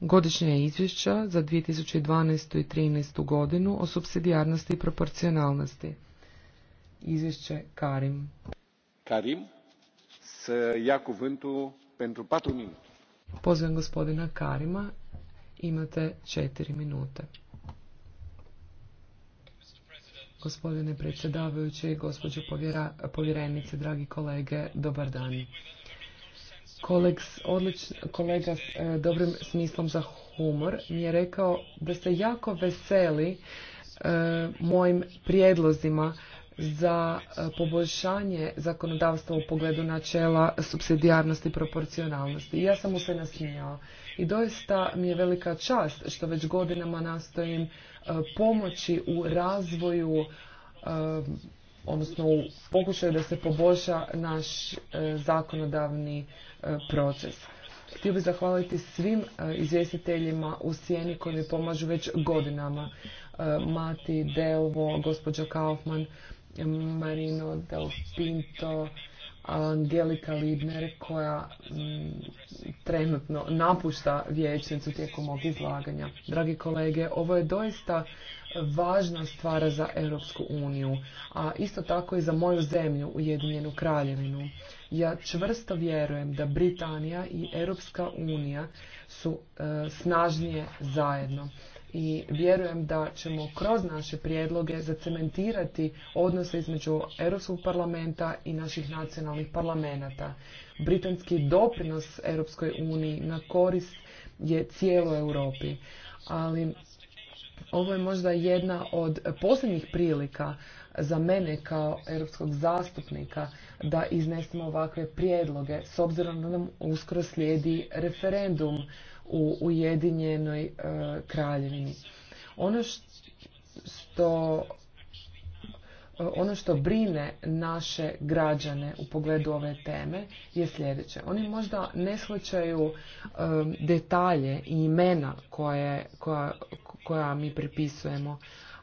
godišnje izvješća za 2012. i 2013. godinu o subsidijarnosti i proporcionalnosti. Izvješće Karim. Karim, s ja pentru 4 Pozivam gospodina Karima, imate četiri minute. Gospodine predsjedavajući, gospođo povjerenice, dragi kolege, dobar dan kolega s e, dobrim smislom za humor mi je rekao da se jako veseli e, mojim prijedlozima za e, poboljšanje zakonodavstva u pogledu načela subsidijarnosti i proporcionalnosti. ja sam mu se nasmijala. I doista mi je velika čast što već godinama nastojim pomoći u razvoju odnosno u pokušaju da se poboljša naš e, zakonodavni e, proces. Htio bih zahvaliti svim e, izvjestiteljima u sjeni koji mi pomažu već godinama. Mati, Delvo, gospođa Kaufman, Marino, Del Angelika Libner koja mm, trenutno napušta vijećnicu tijekom mog izlaganja. Dragi kolege, ovo je doista važna stvar za Europsku uniju, a isto tako i za moju zemlju, Ujedinjenu kraljevinu. Ja čvrsto vjerujem da Britanija i Europska unija su e, snažnije zajedno i vjerujem da ćemo kroz naše prijedloge zacementirati odnose između Europskog parlamenta i naših nacionalnih parlamenta. Britanski doprinos Europskoj uniji na korist je cijeloj Europi, ali ovo je možda jedna od posljednjih prilika za mene kao europskog zastupnika da iznesemo ovakve prijedloge s obzirom da nam uskoro slijedi referendum u Ujedinjenoj e, kraljevini. Ono što e, ono što brine naše građane u pogledu ove teme je sljedeće. Oni možda ne shvaćaju e, detalje i imena koje, koja, koja mi pripisujemo,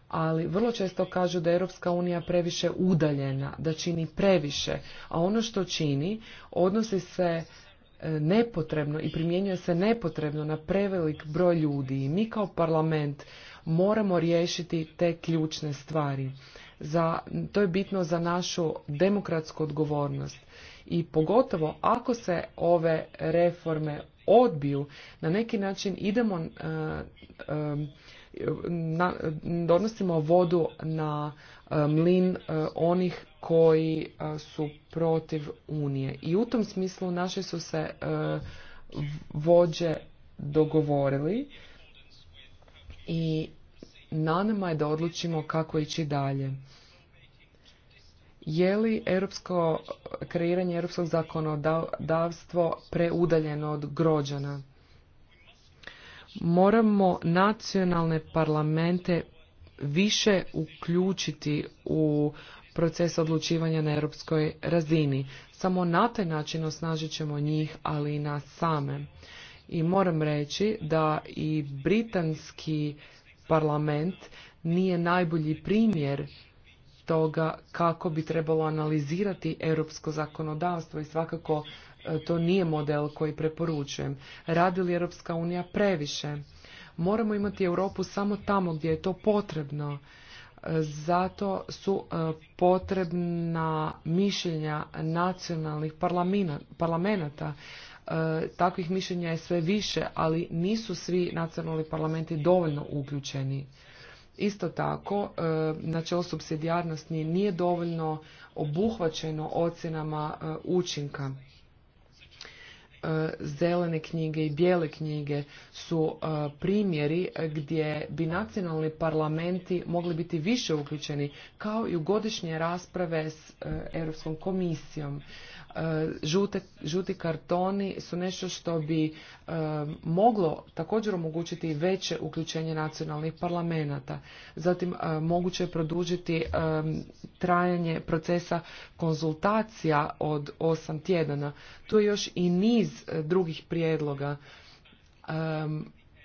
ali vrlo često kažu da je Europska unija previše udaljena, da čini previše, a ono što čini odnosi se E, nepotrebno i primjenjuje se nepotrebno na prevelik broj ljudi i mi kao parlament moramo riješiti te ključne stvari. Za, to je bitno za našu demokratsku odgovornost i pogotovo ako se ove reforme odbiju, na neki način idemo, e, e, donosimo vodu na mlin onih koji e, su protiv Unije. I u tom smislu naše su se e, vođe dogovorili i na nama je da odlučimo kako ići dalje. Je li europsko, kreiranje europskog zakonodavstvo preudaljeno od grođana? Moramo nacionalne parlamente više uključiti u proces odlučivanja na europskoj razini. Samo na taj način osnažit ćemo njih, ali i nas same. I moram reći da i britanski parlament nije najbolji primjer toga kako bi trebalo analizirati europsko zakonodavstvo i svakako e, to nije model koji preporučujem. Radi li Europska unija previše? Moramo imati Europu samo tamo gdje je to potrebno zato su e, potrebna mišljenja nacionalnih parlamenata. E, takvih mišljenja je sve više, ali nisu svi nacionalni parlamenti dovoljno uključeni. Isto tako, e, načelo subsidijarnosti nije dovoljno obuhvaćeno ocjenama učinka. E, zelene knjige i bijele knjige su e, primjeri gdje bi nacionalni parlamenti mogli biti više uključeni, kao i u godišnje rasprave s e, Europskom komisijom. E, žuti kartoni su nešto što bi e, moglo također omogućiti veće uključenje nacionalnih parlamenata. Zatim e, moguće je produžiti trajanje procesa konzultacija od osam tjedana. Tu je još i niz drugih prijedloga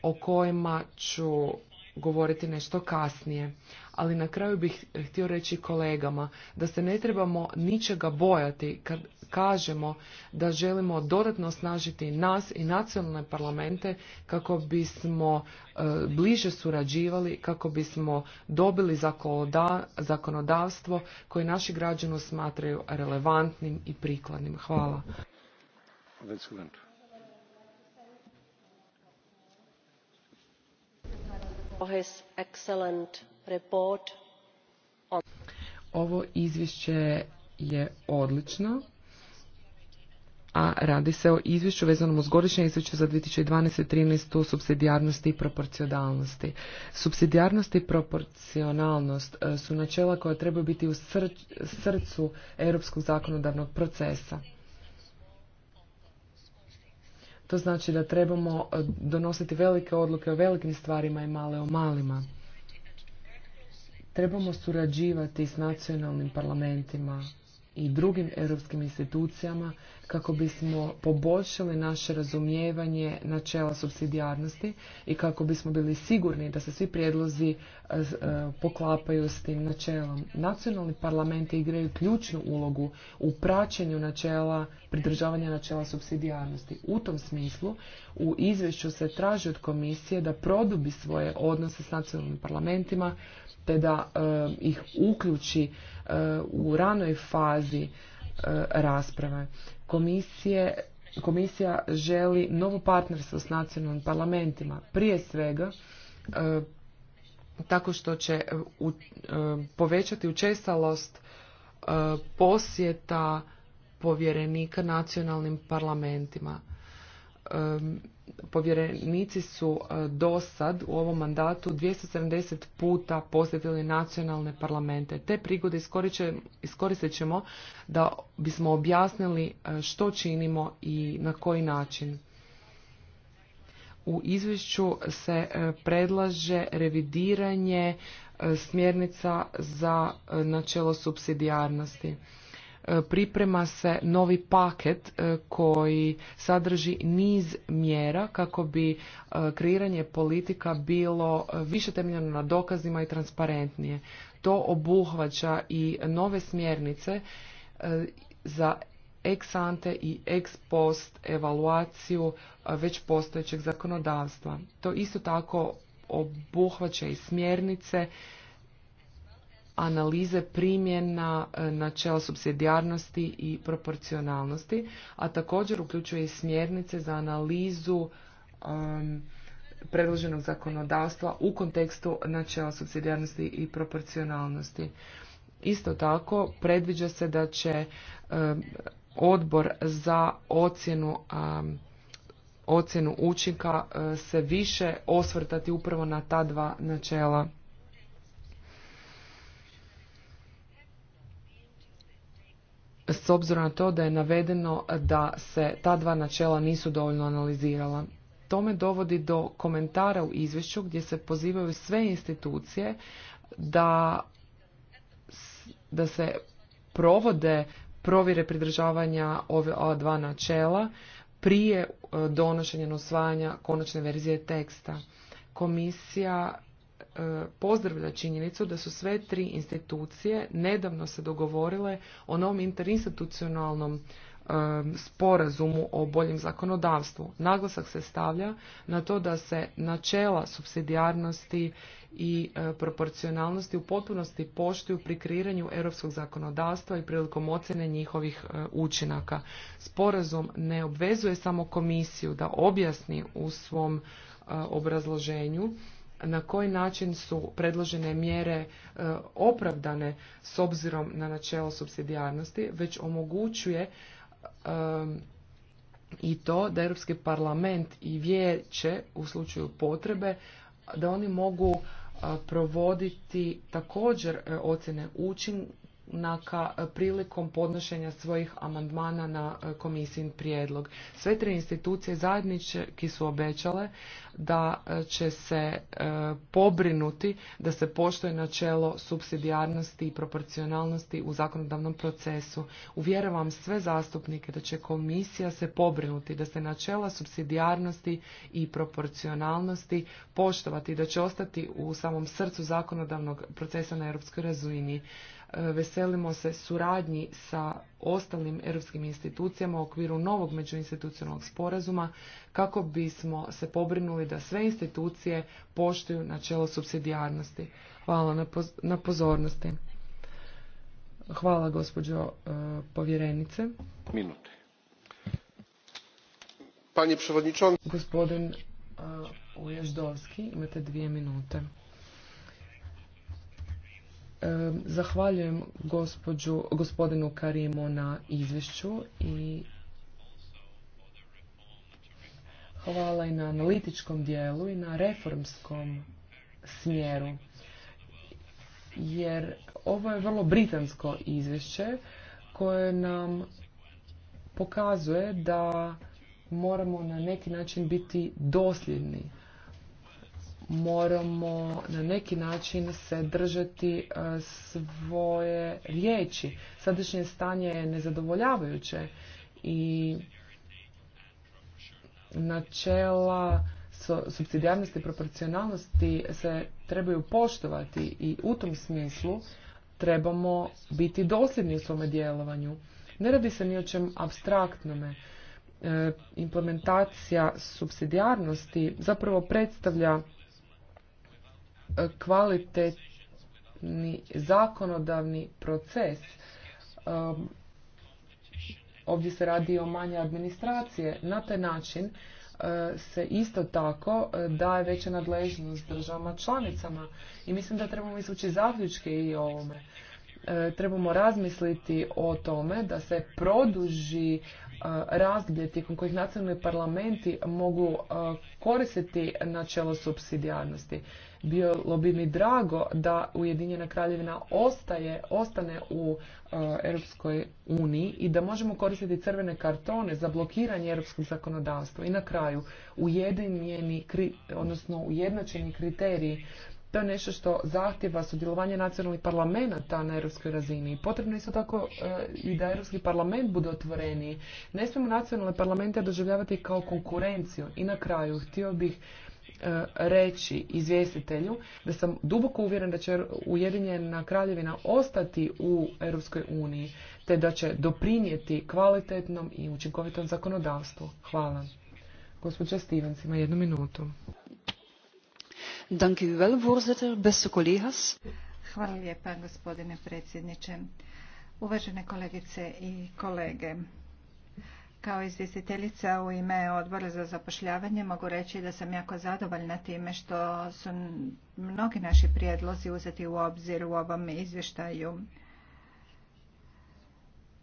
o kojima ću govoriti nešto kasnije. Ali na kraju bih htio reći kolegama da se ne trebamo ničega bojati kad kažemo da želimo dodatno osnažiti nas i nacionalne parlamente kako bismo e, bliže surađivali, kako bismo dobili zakonodavstvo koje naši građani smatraju relevantnim i prikladnim. Hvala. Ovo izvješće je odlično a radi se o izvješću vezanom uz godišnje izvješće za 2012. o subsidijarnosti i proporcionalnosti. Subsidijarnost i proporcionalnost e, su načela koja trebaju biti u srcu europskog zakonodavnog procesa. To znači da trebamo e, donositi velike odluke o velikim stvarima i male o malima. Trebamo surađivati s nacionalnim parlamentima, i drugim europskim institucijama kako bismo poboljšali naše razumijevanje načela subsidijarnosti i kako bismo bili sigurni da se svi prijedlozi e, e, poklapaju s tim načelom. Nacionalni parlamenti igraju ključnu ulogu u praćenju načela, pridržavanja načela subsidijarnosti. U tom smislu u izvješću se traži od komisije da produbi svoje odnose s nacionalnim parlamentima te da e, ih uključi Eh, u ranoj fazi eh, rasprave. Komisije, komisija želi novo partnerstvo s nacionalnim parlamentima, prije svega eh, tako što će povećati učestalost posjeta povjerenika nacionalnim parlamentima povjerenici su e, do sad u ovom mandatu 270 puta posjetili nacionalne parlamente. Te prigode iskoristit ćemo da bismo objasnili e, što činimo i na koji način. U izvješću se e, predlaže revidiranje smjernica za načelo subsidijarnosti. E, priprema se novi paket e, koji sadrži niz mjera kako bi e, kreiranje politika bilo više temeljeno na dokazima i transparentnije. To obuhvaća i nove smjernice za ex ante i ex post evaluaciju već postojećeg zakonodavstva. To isto tako obuhvaća i smjernice analize primjena e, načela subsidijarnosti i proporcionalnosti, a također uključuje i smjernice za analizu predloženog zakonodavstva u kontekstu načela subsidijarnosti i proporcionalnosti. Isto tako, predviđa se da će odbor za ocjenu ocjenu učinka e, se više osvrtati upravo na ta dva načela s obzirom na to da je navedeno da se ta dva načela nisu dovoljno analizirala. Tome dovodi do komentara u izvješću gdje se pozivaju sve institucije da, da se provode provjere pridržavanja ova dva načela prije e, donošenja usvajanja konačne verzije teksta. Komisija E, pozdravlja činjenicu da su sve tri institucije nedavno se dogovorile o novom interinstitucionalnom e, sporazumu o boljem zakonodavstvu. Naglasak se stavlja na to da se načela subsidijarnosti i e, proporcionalnosti u potpunosti poštuju pri kreiranju europskog zakonodavstva i prilikom ocjene njihovih učinaka. Sporazum ne obvezuje samo komisiju da objasni u svom obrazloženju na koji način su predložene mjere e, opravdane s obzirom na načelo subsidijarnosti, već omogućuje i to da Europski parlament i vijeće u slučaju potrebe da oni mogu provoditi također e, ocjene učinka naka e, prilikom podnošenja svojih amandmana na e, komisijin prijedlog. Sve tri institucije zajednički su obećale da e, će se pobrinuti da se poštuje načelo subsidijarnosti i proporcionalnosti u zakonodavnom procesu. Uvjeravam sve zastupnike da će komisija se pobrinuti da se načela subsidijarnosti i proporcionalnosti poštovati da će ostati u samom srcu zakonodavnog procesa na europskoj razini. E, veselimo se suradnji sa ostalim europskim institucijama u okviru novog međuinstitucionalnog sporazuma kako bismo se pobrinuli da sve institucije poštuju načelo subsidijarnosti. Hvala na pozornosti. Hvala gospođo e, povjerenice. Minute. Gospodin e, Uježdovski, imate dvije minute. Zahvaljujem gospođu, gospodinu Karimu na izvješću i hvala i na analitičkom dijelu i na reformskom smjeru. Jer ovo je vrlo britansko izvješće koje nam pokazuje da moramo na neki način biti dosljedni moramo na neki način se držati e, svoje riječi. Sadašnje stanje je nezadovoljavajuće i načela subsidijarnosti i proporcionalnosti se trebaju poštovati i u tom smislu trebamo biti dosljedni u svome djelovanju. Ne radi se ni o čem abstraktnome. E, implementacija subsidijarnosti zapravo predstavlja kvalitetni zakonodavni proces. Um, ovdje se radi o manje administracije. Na taj način uh, se isto tako uh, daje veća nadležnost državama članicama i mislim da trebamo izvući zaključke i o ovome. Uh, trebamo razmisliti o tome da se produži razdoblje tijekom kojih nacionalni parlamenti mogu koristiti načelo subsidijarnosti. Bilo bi mi drago da Ujedinjena kraljevina ostaje, ostane u uh, Europskoj uniji i da možemo koristiti crvene kartone za blokiranje europskog zakonodavstva. I na kraju, ujedinjeni, kri, odnosno ujednačeni kriteriji to je nešto što zahtjeva sudjelovanje nacionalnih parlamenta na europskoj razini. Potrebno je isto tako uh, i da europski parlament bude otvoreniji. Ne smijemo nacionalne parlamente doživljavati kao konkurenciju. I na kraju, htio bih E, reći izvjestitelju da sam duboko uvjeren da će Ujedinjena kraljevina ostati u Europskoj uniji te da će doprinijeti kvalitetnom i učinkovitom zakonodavstvu. Hvala. Gospođa Stevens ima jednu minutu. voorzitter, beste Hvala lijepa, gospodine predsjedniče. Uvažene kolegice i kolege, kao izvjestiteljica u ime odbora za zapošljavanje mogu reći da sam jako zadovoljna time što su mnogi naši prijedlozi uzeti u obzir u ovom izvještaju.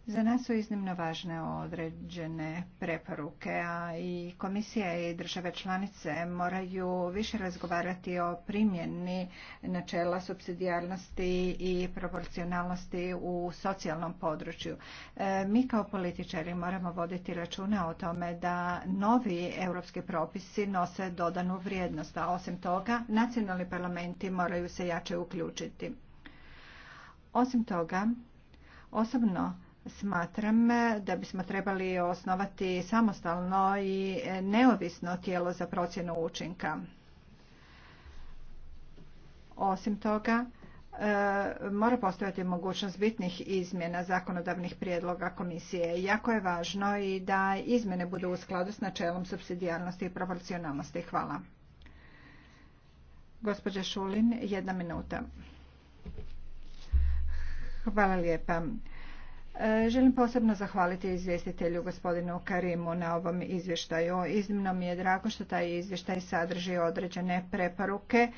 Za nas su iznimno važne određene preporuke, a i komisija i države članice moraju više razgovarati o primjeni načela subsidijarnosti i proporcionalnosti u socijalnom području. E, mi kao političari moramo voditi računa o tome da novi europski propisi nose dodanu vrijednost, a osim toga nacionalni parlamenti moraju se jače uključiti. Osim toga, osobno Smatram e, da bismo trebali osnovati samostalno i e, neovisno tijelo za procjenu učinka. Osim toga, e, mora postojati mogućnost bitnih izmjena zakonodavnih prijedloga komisije. Jako je važno i da izmjene budu u skladu s načelom subsidijarnosti i proporcionalnosti. Hvala. Gospođa Šulin, jedna minuta. Hvala lijepa. E, želim posebno zahvaliti izvjestitelju gospodinu Karimu na ovom izvještaju. Iznimno mi je drago što taj izvještaj sadrži određene preporuke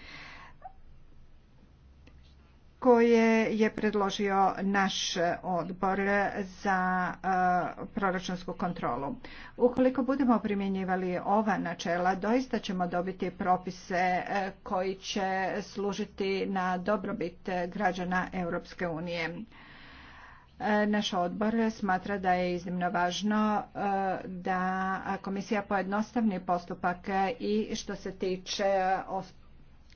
koje je predložio naš odbor za e, proračunsku kontrolu. Ukoliko budemo primjenjivali ova načela, doista ćemo dobiti propise e, koji će služiti na dobrobit građana Europske unije. Naš odbor smatra da je iznimno važno e, da komisija pojednostavni postupak i što se tiče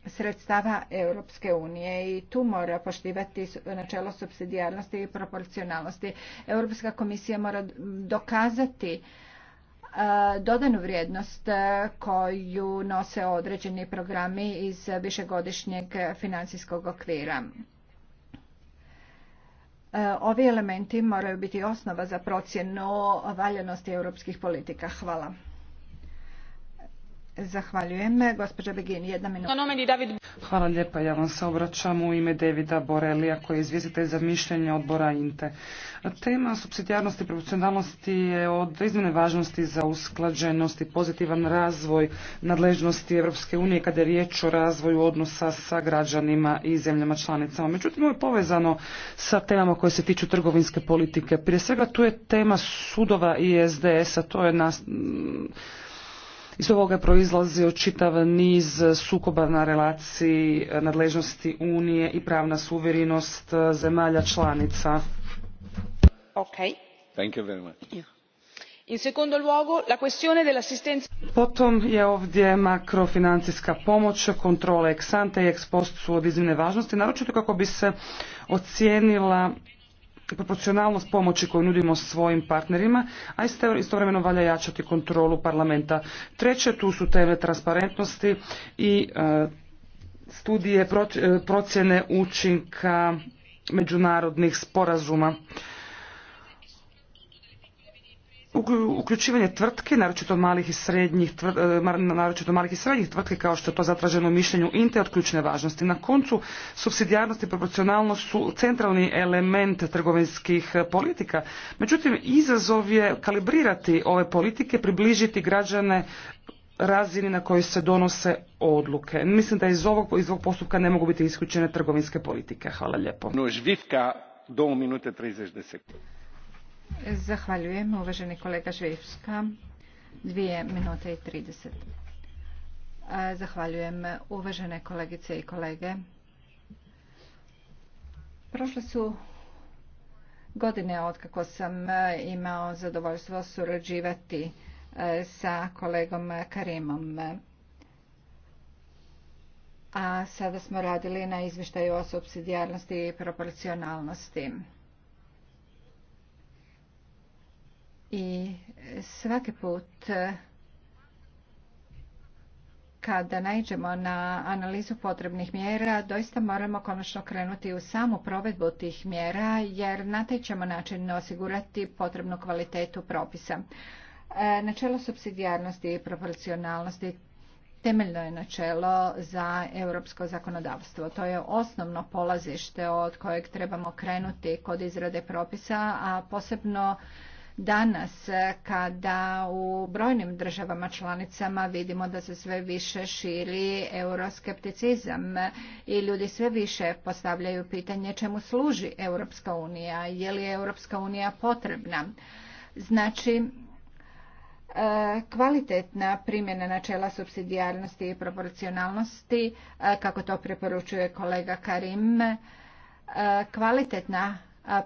sredstava Europske unije i tu mora poštivati načelo subsidijarnosti i proporcionalnosti. Europska komisija mora dokazati e, dodanu vrijednost e, koju nose određeni programi iz višegodišnjeg financijskog okvira. E, ovi elementi moraju biti osnova za procjenu valjanosti europskih politika. Hvala. Zahvaljujem. Gospođa jedna minuta. Ono Hvala lijepa. Ja vam se obraćam u ime Davida Borelija koji je izvjestitelj za mišljenje odbora INTE. Tema subsidijarnosti i proporcionalnosti je od izmjene važnosti za usklađenost i pozitivan razvoj nadležnosti Europske unije kada je riječ o razvoju odnosa sa građanima i zemljama članicama. Međutim, ovo je povezano sa temama koje se tiču trgovinske politike. Prije svega tu je tema sudova i SDS-a. To je nas, iz ovoga je proizlazio čitav niz sukoba na relaciji nadležnosti Unije i pravna suverenost eh, zemalja članica. Okay. Thank you very much. In secondo luogo, la questione dell'assistenza... Potom je ovdje makrofinancijska pomoć, kontrole ex ante i ex post su od iznimne važnosti, naročito kako bi se ocijenila proporcionalnost pomoći koju nudimo svojim partnerima, a istovremeno valja jačati kontrolu parlamenta. Treće, tu su teme transparentnosti i e, studije e, procjene učinka međunarodnih sporazuma uključivanje tvrtke, naročito malih i srednjih, e, naročito malih i srednjih tvrtke kao što je to zatraženo u mišljenju INTE od ključne važnosti. Na koncu supsidijarnost i proporcionalnost su centralni element trgovinskih e, politika. Međutim, izazov je kalibrirati ove politike, približiti građane razini na kojoj se donose odluke. Mislim da iz ovog, postupka ne mogu biti isključene trgovinske politike. Hvala lijepo. No, živka, do minute 30 Zahvaljujem, uvaženi kolega Živska. Dvije minute i trideset. Zahvaljujem, uvažene kolegice i kolege. Prošle su godine od kako sam e, imao zadovoljstvo surađivati e, sa kolegom Karimom. A sada smo radili na izvještaju o subsidijarnosti i proporcionalnosti. I svaki put e, kada naiđemo na analizu potrebnih mjera, doista moramo konačno krenuti u samu provedbu tih mjera, jer na taj ćemo način osigurati potrebnu kvalitetu propisa. E, načelo subsidijarnosti i proporcionalnosti temeljno je načelo za europsko zakonodavstvo. To je osnovno polazište od kojeg trebamo krenuti kod izrade propisa, a posebno Danas e, kada u brojnim državama članicama vidimo da se sve više širi euroskepticizam i ljudi sve više postavljaju pitanje čemu služi Europska unija, je li Europska unija potrebna. Znači, e, kvalitetna primjena načela subsidijarnosti i proporcionalnosti, e, kako to preporučuje kolega Karim, kvalitetna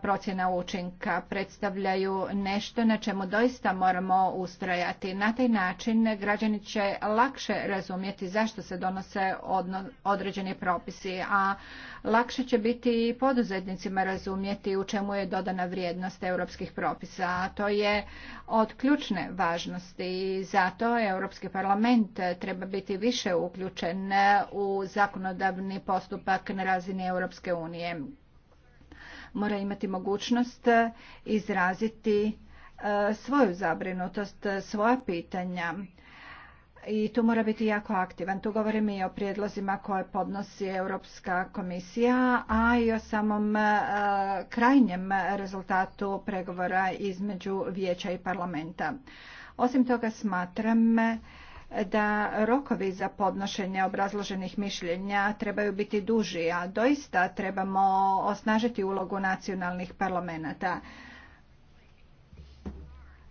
procjena učinka predstavljaju nešto na čemu doista moramo ustrajati. Na taj način građani će lakše razumjeti zašto se donose određeni propisi, a lakše će biti i poduzetnicima razumjeti u čemu je dodana vrijednost europskih propisa. A to je od ključne važnosti i zato Europski parlament treba biti više uključen u zakonodavni postupak na razini Europske unije mora imati mogućnost e, izraziti e, svoju zabrinutost, e, svoja pitanja i tu mora biti jako aktivan. Tu govorim i o prijedlozima koje podnosi Europska komisija, a i o samom krajnjem rezultatu pregovora između vijeća i parlamenta. Osim toga smatram da rokovi za podnošenje obrazloženih mišljenja trebaju biti duži, a doista trebamo osnažiti ulogu nacionalnih parlamenta.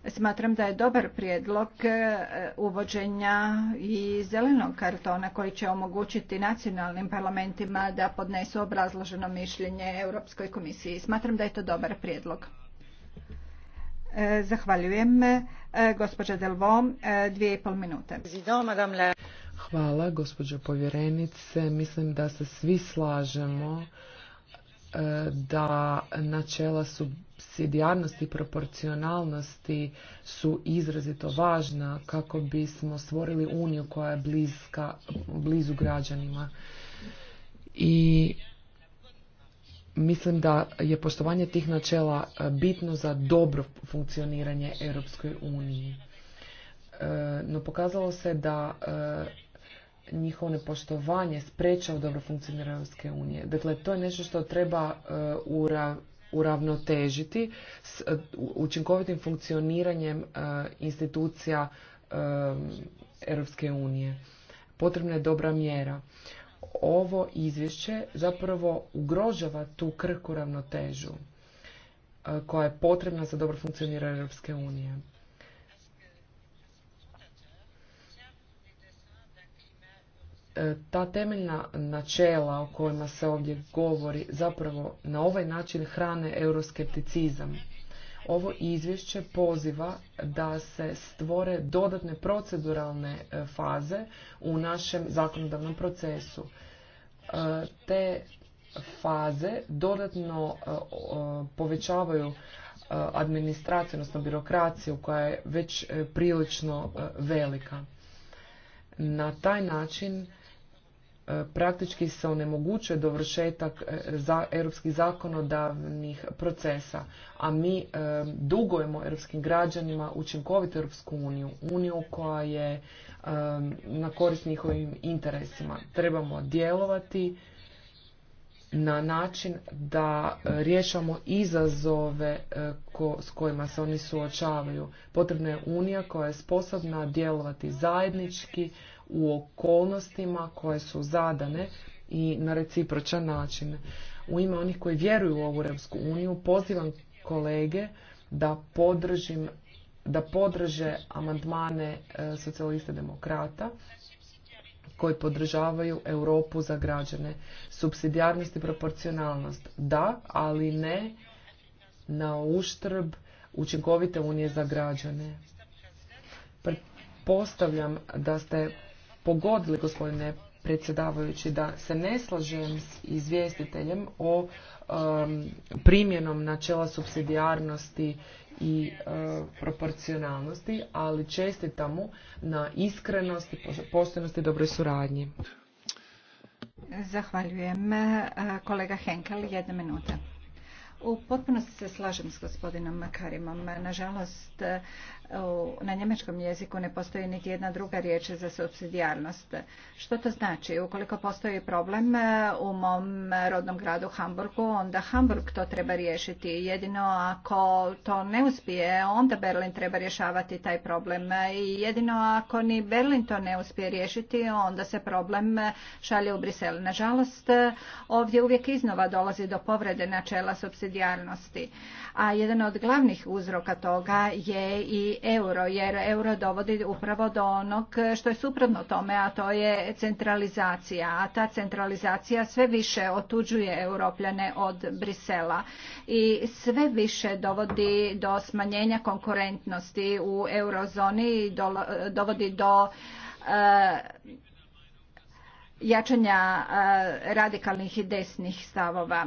Smatram da je dobar prijedlog e, uvođenja i zelenog kartona koji će omogućiti nacionalnim parlamentima da podnesu obrazloženo mišljenje Europskoj komisiji. Smatram da je to dobar prijedlog. E, zahvaljujem. E, gospođa Delvom, e, dvije i pol minute. Hvala, gospođo povjerenice. Mislim da se svi slažemo da načela subsidijarnosti i proporcionalnosti su izrazito važna kako bismo stvorili uniju koja je bliska, blizu građanima. I mislim da je poštovanje tih načela e, bitno za dobro funkcioniranje Europskoj uniji. E, no pokazalo se da e, njihovo nepoštovanje sprečava dobro funkcioniranje Europske unije. Dakle, to je nešto što treba uravnotežiti s učinkovitim funkcioniranjem institucija Europske unije. Potrebna je dobra mjera ovo izvješće zapravo ugrožava tu krku ravnotežu e, koja je potrebna za dobro funkcioniranje Europske unije. E, ta temeljna načela o kojima se ovdje govori zapravo na ovaj način hrane euroskepticizam. Ovo izvješće poziva da se stvore dodatne proceduralne e, faze u našem zakonodavnom procesu. E, te faze dodatno e, povećavaju administraciju, odnosno birokraciju koja je već prilično velika. Na taj način E, praktički se onemogućuje dovršetak e, za europskih zakonodavnih procesa, a mi e, dugujemo europskim građanima učinkovitu Europsku uniju, uniju koja je na korist njihovim interesima. Trebamo djelovati na način da rješamo izazove s kojima se oni suočavaju. Potrebna je unija koja je sposobna djelovati zajednički, u okolnostima koje su zadane i na recipročan način. U ime onih koji vjeruju u ovu Europsku uniju pozivam kolege da podržim da podrže amandmane e, socijalista demokrata koji podržavaju Europu za građane. Subsidijarnost i proporcionalnost da, ali ne na uštrb učinkovite unije za građane. Pretpostavljam da ste pogodili, gospodine predsjedavajući, da se ne slažem s izvjestiteljem o primjenom načela subsidijarnosti i e, proporcionalnosti, ali mu na iskrenosti, poštenosti i dobroj suradnji. Zahvaljujem. E, kolega Henkel, jedna minuta. U potpunosti se slažem s gospodinom Karimom. Nažalost, na njemačkom jeziku ne postoji niti jedna druga riječ za subsidijarnost. Što to znači? Ukoliko postoji problem e, u mom rodnom gradu Hamburgu, onda Hamburg to treba riješiti. Jedino ako to ne uspije, onda Berlin treba rješavati taj problem. I jedino ako ni Berlin to ne uspije riješiti, onda se problem e, šalje u Brisel. Nažalost, e, ovdje uvijek iznova dolazi do povrede načela subsidijarnosti. A jedan od glavnih uzroka toga je i euro, jer euro dovodi upravo do onog što je suprotno tome, a to je centralizacija. A ta centralizacija sve više otuđuje europljane od Brisela i sve više dovodi do smanjenja konkurentnosti u eurozoni i dovodi do eh, jačanja eh, radikalnih i desnih stavova.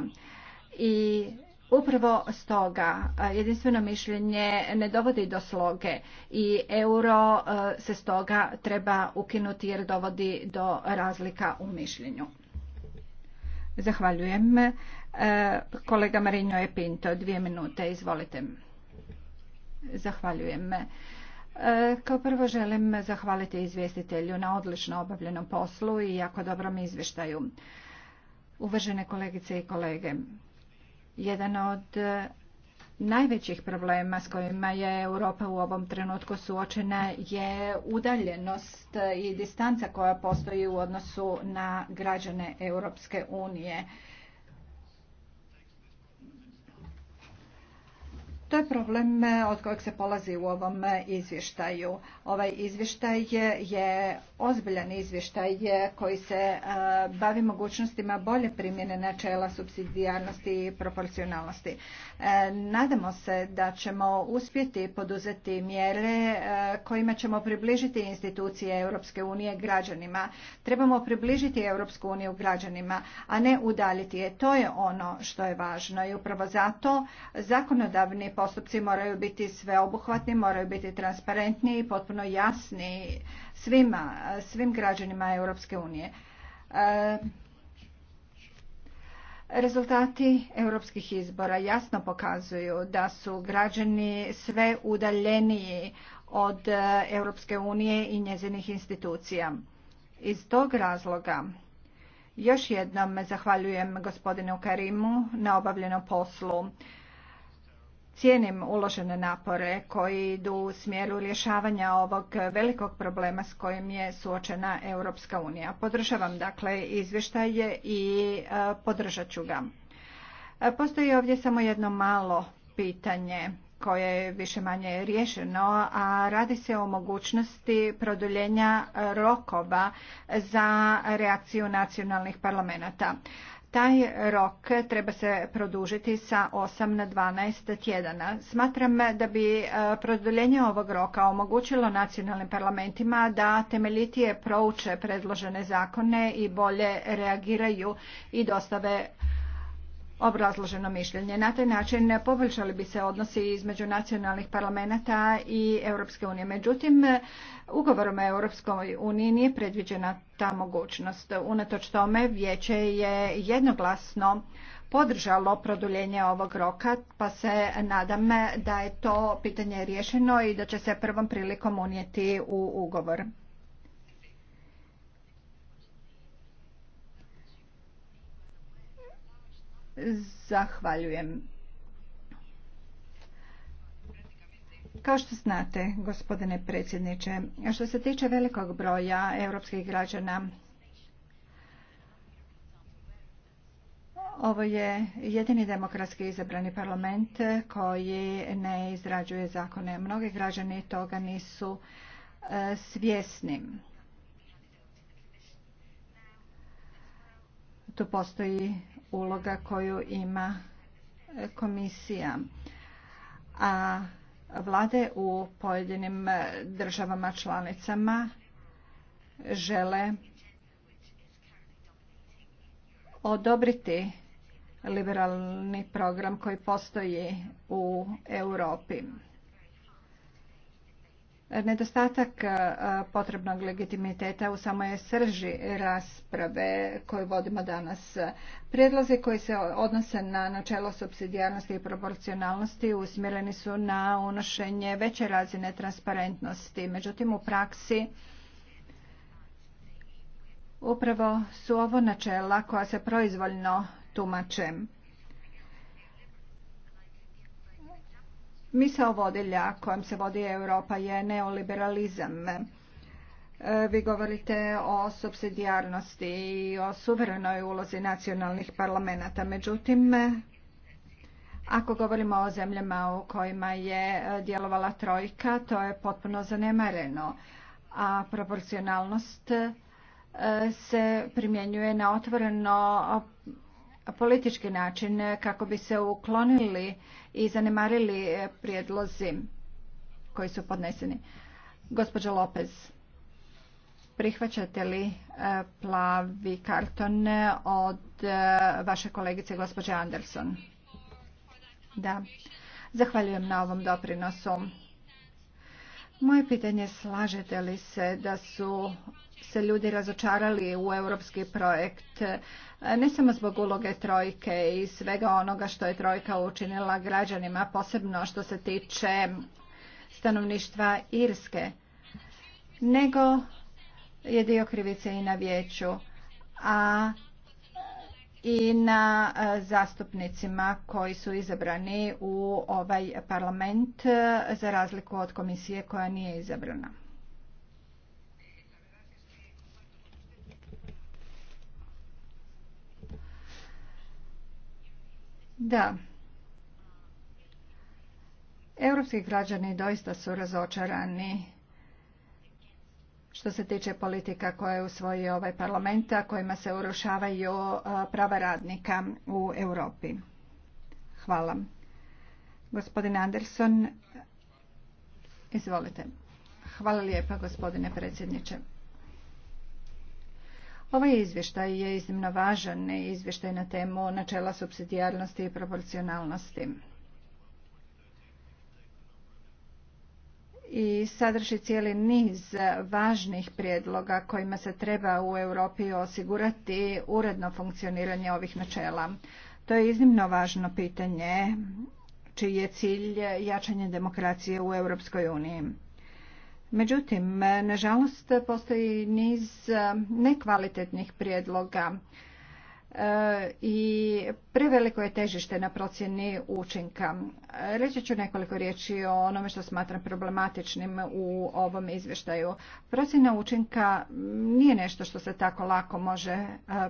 I Upravo stoga jedinstveno mišljenje ne dovodi do sloge i euro se stoga treba ukinuti jer dovodi do razlika u mišljenju. Zahvaljujem. Kolega Marino je Pinto, dvije minute, izvolite. Zahvaljujem. Kao prvo želim zahvaliti izvjestitelju na odlično obavljenom poslu i jako dobrom izvještaju. Uvažene kolegice i kolege, jedan od e, najvećih problema s kojima je Europa u ovom trenutku suočena je udaljenost i distanca koja postoji u odnosu na građane Europske unije. To je problem eh, od kojeg se polazi u ovom eh, izvještaju. Ovaj izvještaj eh, je ozbiljan izvještaj koji se bavi mogućnostima bolje primjene načela subsidijarnosti i proporcionalnosti. Nadamo se da ćemo uspjeti poduzeti mjere kojima ćemo približiti institucije Europske unije građanima. Trebamo približiti Europsku uniju građanima, a ne udaljiti je. To je ono što je važno i upravo zato zakonodavni postupci moraju biti sveobuhvatni, moraju biti transparentni i potpuno jasni svima, svim građanima Europske unije. E, rezultati europskih izbora jasno pokazuju da su građani sve udaljeniji od e, Europske unije i njezinih institucija. Iz tog razloga još jednom zahvaljujem gospodinu Karimu na obavljenom poslu. Cijenim uložene napore koji idu u smjeru rješavanja ovog velikog problema s kojim je suočena Europska unija. Podržavam dakle izvještaje i e, podržat ću ga. E, postoji ovdje samo jedno malo pitanje koje je više manje riješeno, a radi se o mogućnosti produljenja e, rokova za reakciju nacionalnih parlamenta. Taj rok treba se produžiti sa 8 na 12 tjedana. Smatram da bi e, produljenje ovog roka omogućilo nacionalnim parlamentima da temeljitije prouče predložene zakone i bolje reagiraju i dostave obrazloženo mišljenje. Na taj način poboljšali bi se odnosi između nacionalnih parlamenta i Europske unije. Međutim, ugovorom o Europskoj uniji nije predviđena ta mogućnost. Unatoč tome, vijeće je jednoglasno podržalo produljenje ovog roka, pa se nadam da je to pitanje riješeno i da će se prvom prilikom unijeti u ugovor. Zahvaljujem. Kao što znate, gospodine predsjedniče, što se tiče velikog broja europskih građana, Ovo je jedini demokratski izabrani parlament koji ne izrađuje zakone. Mnogi građani toga nisu e, svjesni. Tu postoji uloga koju ima e, komisija. A vlade u pojedinim e, državama članicama žele odobriti liberalni program koji postoji u Europi. Nedostatak e, potrebnog legitimiteta u samoj srži rasprave koju vodimo danas. Prijedlozi koji se odnose na načelo subsidijarnosti i proporcionalnosti usmjereni su na unošenje veće razine transparentnosti. Međutim, u praksi upravo su ovo načela koja se proizvoljno tumače. Misao vodilja kojom se vodi Europa je neoliberalizam. E, vi govorite o subsidijarnosti i o suverenoj ulozi nacionalnih parlamenta. Međutim, e, ako govorimo o zemljama u kojima je e, djelovala trojka, to je potpuno zanemareno, a proporcionalnost se primjenjuje na otvoreno politički način kako bi se uklonili i zanemarili e, prijedlozi koji su podneseni. Gospođo Lopez, prihvaćate li e, plavi karton e, od vaše kolegice gospođe Anderson? Da. Zahvaljujem na ovom doprinosu. Moje pitanje je slažete li se da su se ljudi razočarali u europski projekt E, ne samo zbog uloge trojke i svega onoga što je trojka učinila građanima, posebno što se tiče stanovništva Irske, nego je dio krivice i na vijeću, a i na e, zastupnicima koji su izabrani u ovaj parlament e, za razliku od komisije koja nije izabrana. Da. Europski građani doista su razočarani što se tiče politika koje je usvojio ovaj parlament, a kojima se urušavaju prava radnika u Europi. Hvala. Gospodin Anderson, izvolite. Hvala lijepa, gospodine predsjedniče. Ovaj izvještaj je iznimno važan izvještaj na temu načela supsidijarnosti i proporcionalnosti. i sadrži cijeli niz važnih prijedloga kojima se treba u Europi osigurati uredno funkcioniranje ovih načela. To je iznimno važno pitanje čiji je cilj jačanje demokracije u Europskoj uniji. Međutim, nažalost, postoji niz eh, nekvalitetnih prijedloga E, i preveliko je težište na procjeni učinka. Reći ću nekoliko riječi o onome što smatram problematičnim u ovom izvještaju. Procjena učinka nije nešto što se tako lako može e,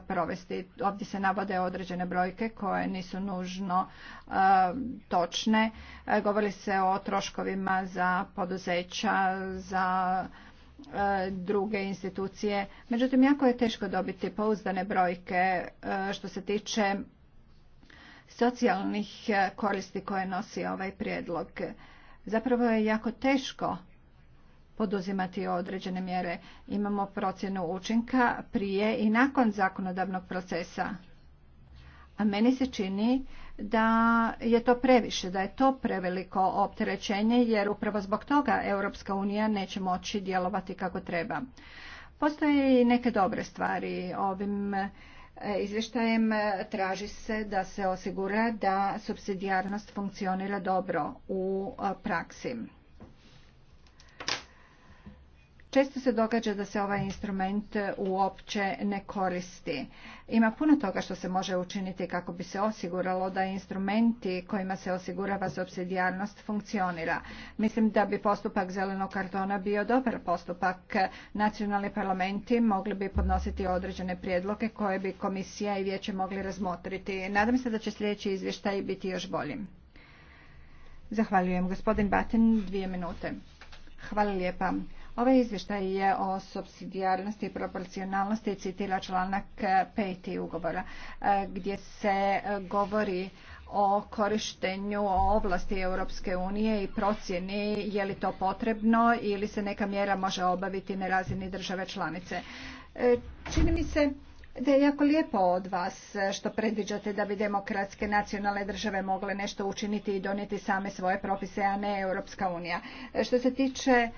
provesti. Ovdje se navode određene brojke koje nisu nužno e, točne. Govori se o troškovima za poduzeća, za E, druge institucije. Međutim, jako je teško dobiti pouzdane brojke e, što se tiče socijalnih e, koristi koje nosi ovaj prijedlog. Zapravo je jako teško poduzimati određene mjere. Imamo procjenu učinka prije i nakon zakonodavnog procesa. A meni se čini da je to previše, da je to preveliko opterećenje jer upravo zbog toga Europska unija neće moći djelovati kako treba. Postoje i neke dobre stvari ovim e, izvještajem e, traži se da se osigura da subsidijarnost funkcionira dobro u e, praksi. Često se događa da se ovaj instrument e, uopće ne koristi. Ima puno toga što se može učiniti kako bi se osiguralo da instrumenti kojima se osigurava subsidijarnost funkcionira. Mislim da bi postupak zelenog kartona bio dobar postupak. Nacionalni parlamenti mogli bi podnositi određene prijedloge koje bi komisija i vijeće mogli razmotriti. Nadam se da će sljedeći izvještaj biti još bolji. Zahvaljujem. Gospodin Batin, dvije minute. Hvala lijepa. Ovaj izvještaj je o subsidijarnosti i proporcionalnosti citila članak 5. Eh, ugovora eh, gdje se eh, govori o korištenju ovlasti Europske unije i procjeni je li to potrebno ili se neka mjera može obaviti na razini države članice. Čini mi se da je jako lijepo od vas što predviđate da bi demokratske nacionalne države mogle nešto učiniti i donijeti same svoje propise, a ne Europska unija. Što se tiče e,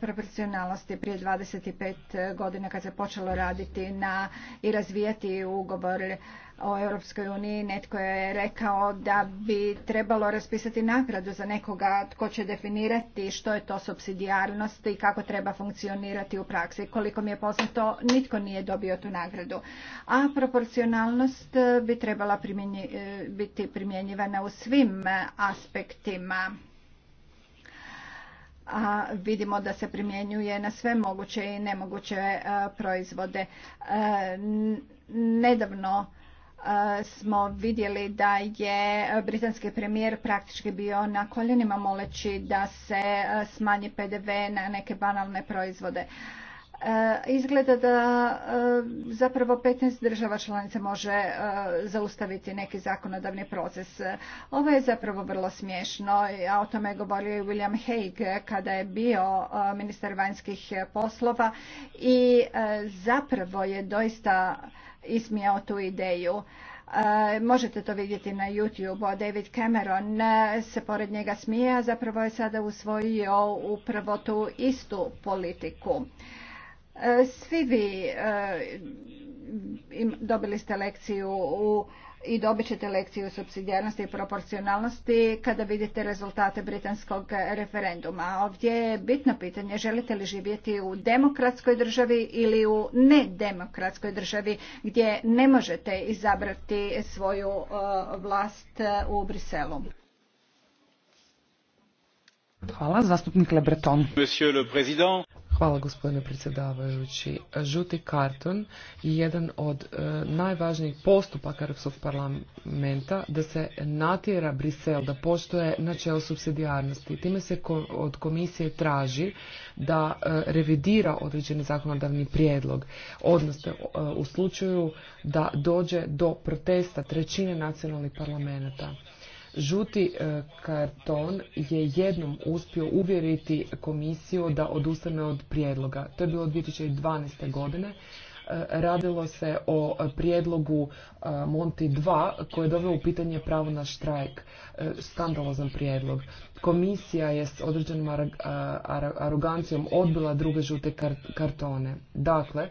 proporcionalnosti, prije 25 godina kad se počelo raditi na i razvijati ugovor o Europskoj uniji netko je rekao da bi trebalo raspisati nagradu za nekoga tko će definirati što je to subsidijarnost i kako treba funkcionirati u praksi. Koliko mi je poznato, nitko nije dobio tu nagradu. A proporcionalnost eh, bi trebala eh, biti primjenjivana u svim eh, aspektima. A vidimo da se primjenjuje na sve moguće i nemoguće proizvode. Nedavno smo vidjeli da je britanski premijer praktički bio na koljenima moleći da se e, smanji PDV na neke banalne proizvode. E, izgleda da e, zapravo 15 država članica može zaustaviti neki zakonodavni proces. Ovo je zapravo vrlo smiješno, a o tome je govorio i William Hague kada je bio ministar vanjskih poslova i zapravo je doista ismijao tu ideju. E, možete to vidjeti na YouTube. David Cameron e, se pored njega smija, zapravo je sada usvojio upravo tu istu politiku. E, svi vi dobili ste lekciju u i dobit ćete lekciju subsidijarnosti i proporcionalnosti kada vidite rezultate britanskog referenduma. Ovdje je bitno pitanje želite li živjeti u demokratskoj državi ili u nedemokratskoj državi gdje ne možete izabrati svoju uh, vlast uh, u Briselu. Hvala, zastupnik Hvala gospodine predsjedavajući. Žuti karton je jedan od e, najvažnijih postupaka Europskog parlamenta da se natjera Brisel da poštuje načelo subsidijarnosti. Time se od komisije traži da e, revidira određeni zakonodavni prijedlog, odnosno e, u slučaju da dođe do protesta trećine nacionalnih parlamenta. Žuti e, karton je jednom uspio uvjeriti komisiju da odustane od prijedloga. To je bilo 2012. godine. E, radilo se o prijedlogu e, Monti 2 koji je doveo u pitanje pravo na štrajk. Skandalozan prijedlog. Komisija je s određenom arogancijom odbila druge žute kartone. Dakle,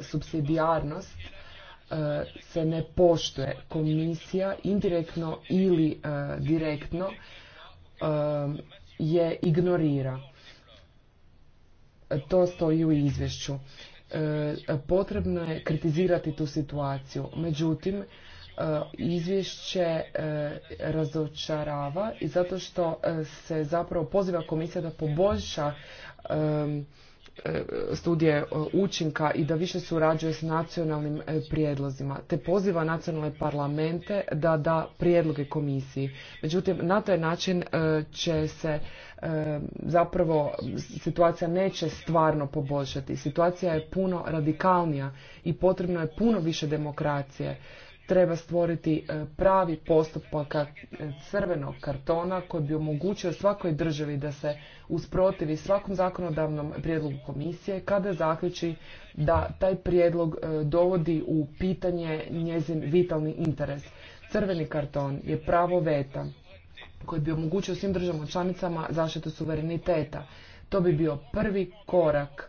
subsidijarnost E, se ne poštuje. Komisija indirektno ili e, direktno e, je ignorira. To stoji u izvješću. Potrebno je kritizirati tu situaciju. Međutim, izvješće razočarava i zato što se zapravo poziva komisija da poboljša E, studije e, učinka i da više surađuje s nacionalnim e, prijedlozima, te poziva nacionalne parlamente da da prijedloge komisiji. Međutim, na taj način će se zapravo situacija neće stvarno poboljšati. Situacija je puno radikalnija i potrebno je puno više demokracije treba stvoriti e, pravi postupak e, crvenog kartona koji bi omogućio svakoj državi da se usprotivi svakom zakonodavnom prijedlogu komisije kada zaključi da taj prijedlog e, dovodi u pitanje njezin vitalni interes. Crveni karton je pravo veta koji bi omogućio svim državama članicama zaštitu suvereniteta. To bi bio prvi korak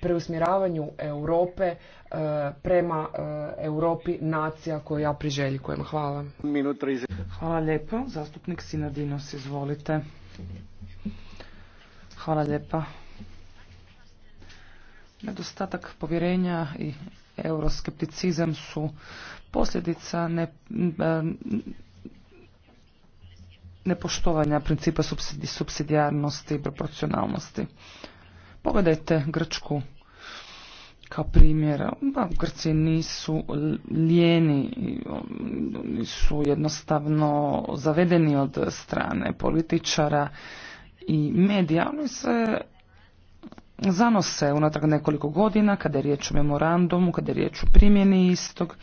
preusmjeravanju Europe e, prema e, Europi nacija koju ja priželjkujem. Hvala. Hvala lijepo. Zastupnik Sinadinos, izvolite. Hvala lijepa. Nedostatak povjerenja i euroskepticizam su posljedica ne, e, nepoštovanja principa subsidijarnosti i proporcionalnosti. Pogledajte Grčku kao primjer. Ba, pa, Grci nisu lijeni, nisu jednostavno zavedeni od strane političara i medija. Oni se zanose unatrag nekoliko godina kada je riječ o memorandumu, kada je riječ o primjeni istog.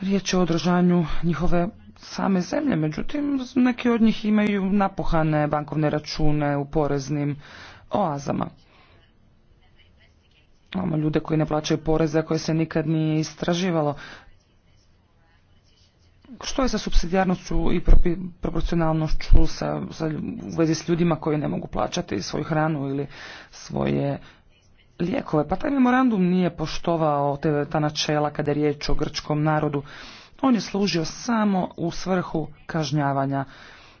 Riječ je o održanju njihove same zemlje, međutim neki od njih imaju napuhane bankovne račune u poreznim oazama. Imamo ljude koji ne plaćaju poreze, koje se nikad nije istraživalo. Što je sa subsidijarnošću i proporcionalnošću sa, u vezi s ljudima koji ne mogu plaćati svoju hranu ili svoje lijekove? Pa taj memorandum nije poštovao ta načela kada je riječ o grčkom narodu. On je služio samo u svrhu kažnjavanja.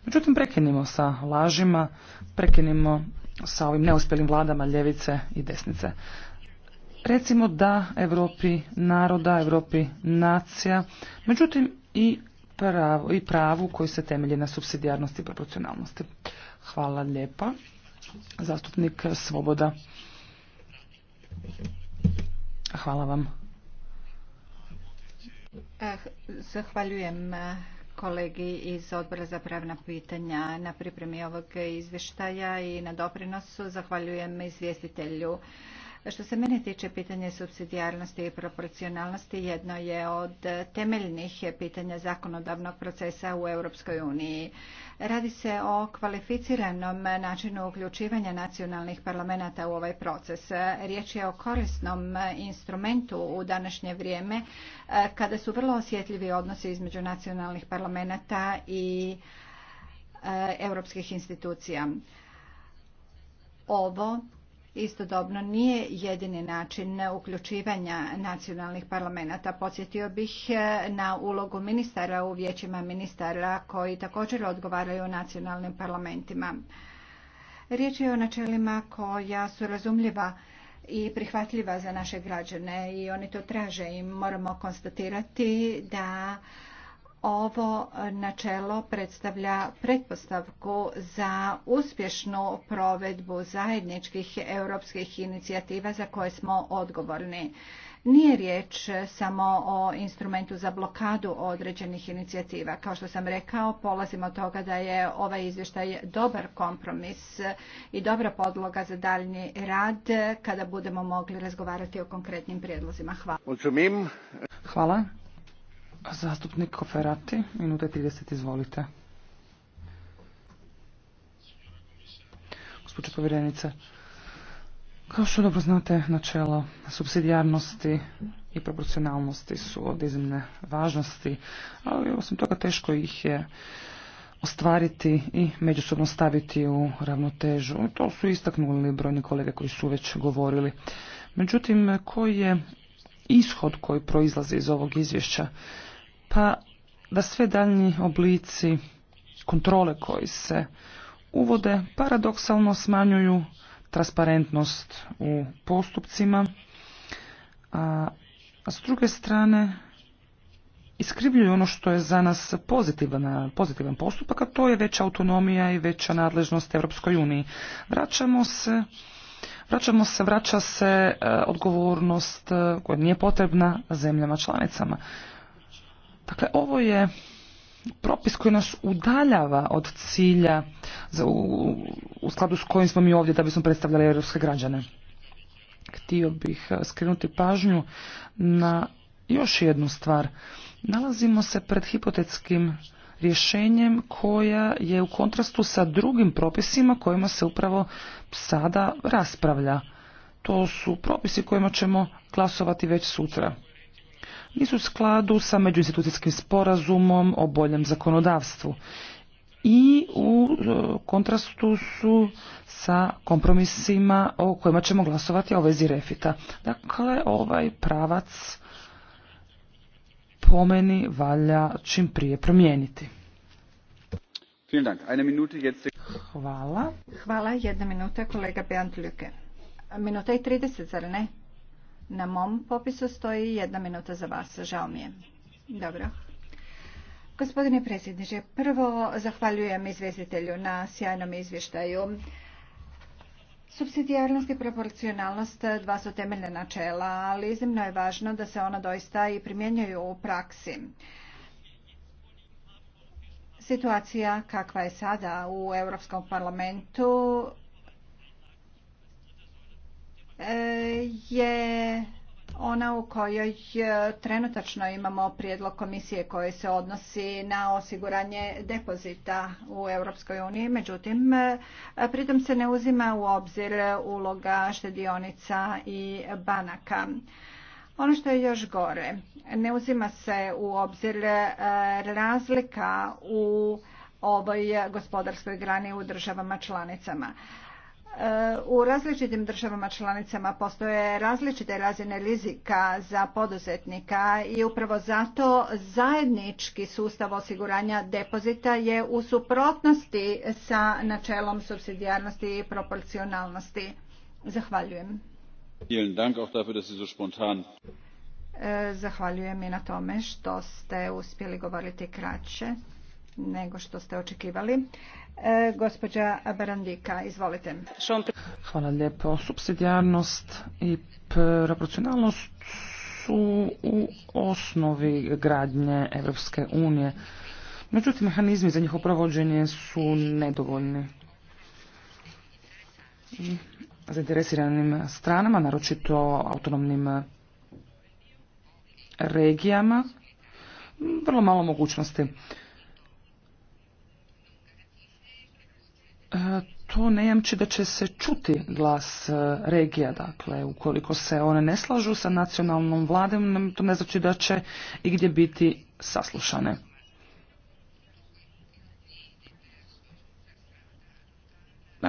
Međutim, prekinimo sa lažima, prekinimo sa ovim neuspjelim vladama ljevice i desnice. Recimo da Europi naroda, Europi nacija, međutim i pravu, i pravu koji se temelji na subsidijarnosti i proporcionalnosti. Hvala lijepa. Zastupnik Svoboda. Hvala vam. Eh, zahvaljujem eh, kolegi iz Odbora za pravna pitanja na pripremi ovog izvještaja i na doprinosu. Zahvaljujem izvjestitelju. Što se mene tiče pitanje subsidijarnosti i proporcionalnosti jedno je od temeljnih pitanja zakonodavnog procesa u Europskoj uniji. Radi se o kvalificiranom načinu uključivanja nacionalnih parlamenta u ovaj proces. Riječ je o korisnom instrumentu u današnje vrijeme eh, kada su vrlo osjetljivi odnosi između nacionalnih parlamenta i eh, europskih institucija. Ovo istodobno nije jedini način uključivanja nacionalnih parlamenta. Podsjetio bih e, na ulogu ministara u vijećima ministara koji također odgovaraju nacionalnim parlamentima. Riječ je o načelima koja su razumljiva i prihvatljiva za naše građane i oni to traže i moramo konstatirati da ovo načelo predstavlja pretpostavku za uspješnu provedbu zajedničkih europskih inicijativa za koje smo odgovorni. Nije riječ samo o instrumentu za blokadu određenih inicijativa. Kao što sam rekao, polazimo od toga da je ovaj izvještaj dobar kompromis i dobra podloga za daljnji rad kada budemo mogli razgovarati o konkretnim prijedlozima. Hvala. Hvala. Zastupnik Koferati, minute 30, izvolite. Gospođo povjerenice, kao što dobro znate, načelo subsidijarnosti i proporcionalnosti su od iznimne važnosti, ali osim toga teško ih je ostvariti i međusobno staviti u ravnotežu. To su istaknuli brojni kolege koji su već govorili. Međutim, koji je ishod koji proizlazi iz ovog izvješća? pa da sve daljnji oblici kontrole koji se uvode paradoksalno smanjuju transparentnost u postupcima, a, s druge strane iskrivljuju ono što je za nas pozitivan, pozitivan postupak, a to je veća autonomija i veća nadležnost Europskoj uniji. Vraćamo se Vraćamo se, vraća se e, odgovornost e, koja nije potrebna zemljama članicama. Dakle, ovo je propis koji nas udaljava od cilja za, u, skladu s kojim smo mi ovdje da bismo predstavljali europske građane. Htio bih e, skrenuti pažnju na još jednu stvar. Nalazimo se pred hipotetskim rješenjem koja je u kontrastu sa drugim propisima kojima se upravo sada raspravlja. To su propisi kojima ćemo glasovati već sutra nisu u skladu sa međuinstitucijskim sporazumom o boljem zakonodavstvu i u e, kontrastu su sa kompromisima o kojima ćemo glasovati o vezi refita. Dakle, ovaj pravac po meni valja čim prije promijeniti. Hvala. Hvala. Jedna minuta, kolega Beant Minuta i 30, zar ne? Na mom popisu stoji jedna minuta za vas. Žao mi je. Dobro. Gospodine predsjedniče, prvo zahvaljujem izvjestitelju na sjajnom izvještaju. Subsidijarnost i proporcionalnost dva su temeljna načela, ali iznimno je važno da se ona doista i primjenjuju u praksi. Situacija kakva je sada u Europskom parlamentu je ona u kojoj e, trenutačno imamo prijedlog komisije koji se odnosi na osiguranje depozita u Europskoj uniji. Međutim, e, pritom se ne uzima u obzir uloga štedionica i banaka. Ono što je još gore, ne uzima se u obzir e, razlika u ovoj gospodarskoj grani u državama članicama. U različitim državama članicama postoje različite razine rizika za poduzetnika i upravo zato zajednički sustav osiguranja depozita je u suprotnosti sa načelom subsidijarnosti i proporcionalnosti. Zahvaljujem. E, zahvaljujem i na tome što ste uspjeli govoriti kraće nego što ste očekivali. E, gospođa Barandika, izvolite. Hvala lijepo. Subsidijarnost i proporcionalnost su u osnovi gradnje Europske unije. Međutim, mehanizmi za njihovo provođenje su nedovoljni. Zainteresiranim stranama, naročito autonomnim regijama, vrlo malo mogućnosti. E, to ne jamči da će se čuti glas e, regija, dakle, ukoliko se one ne slažu sa nacionalnom vladom, to ne znači da će i gdje biti saslušane.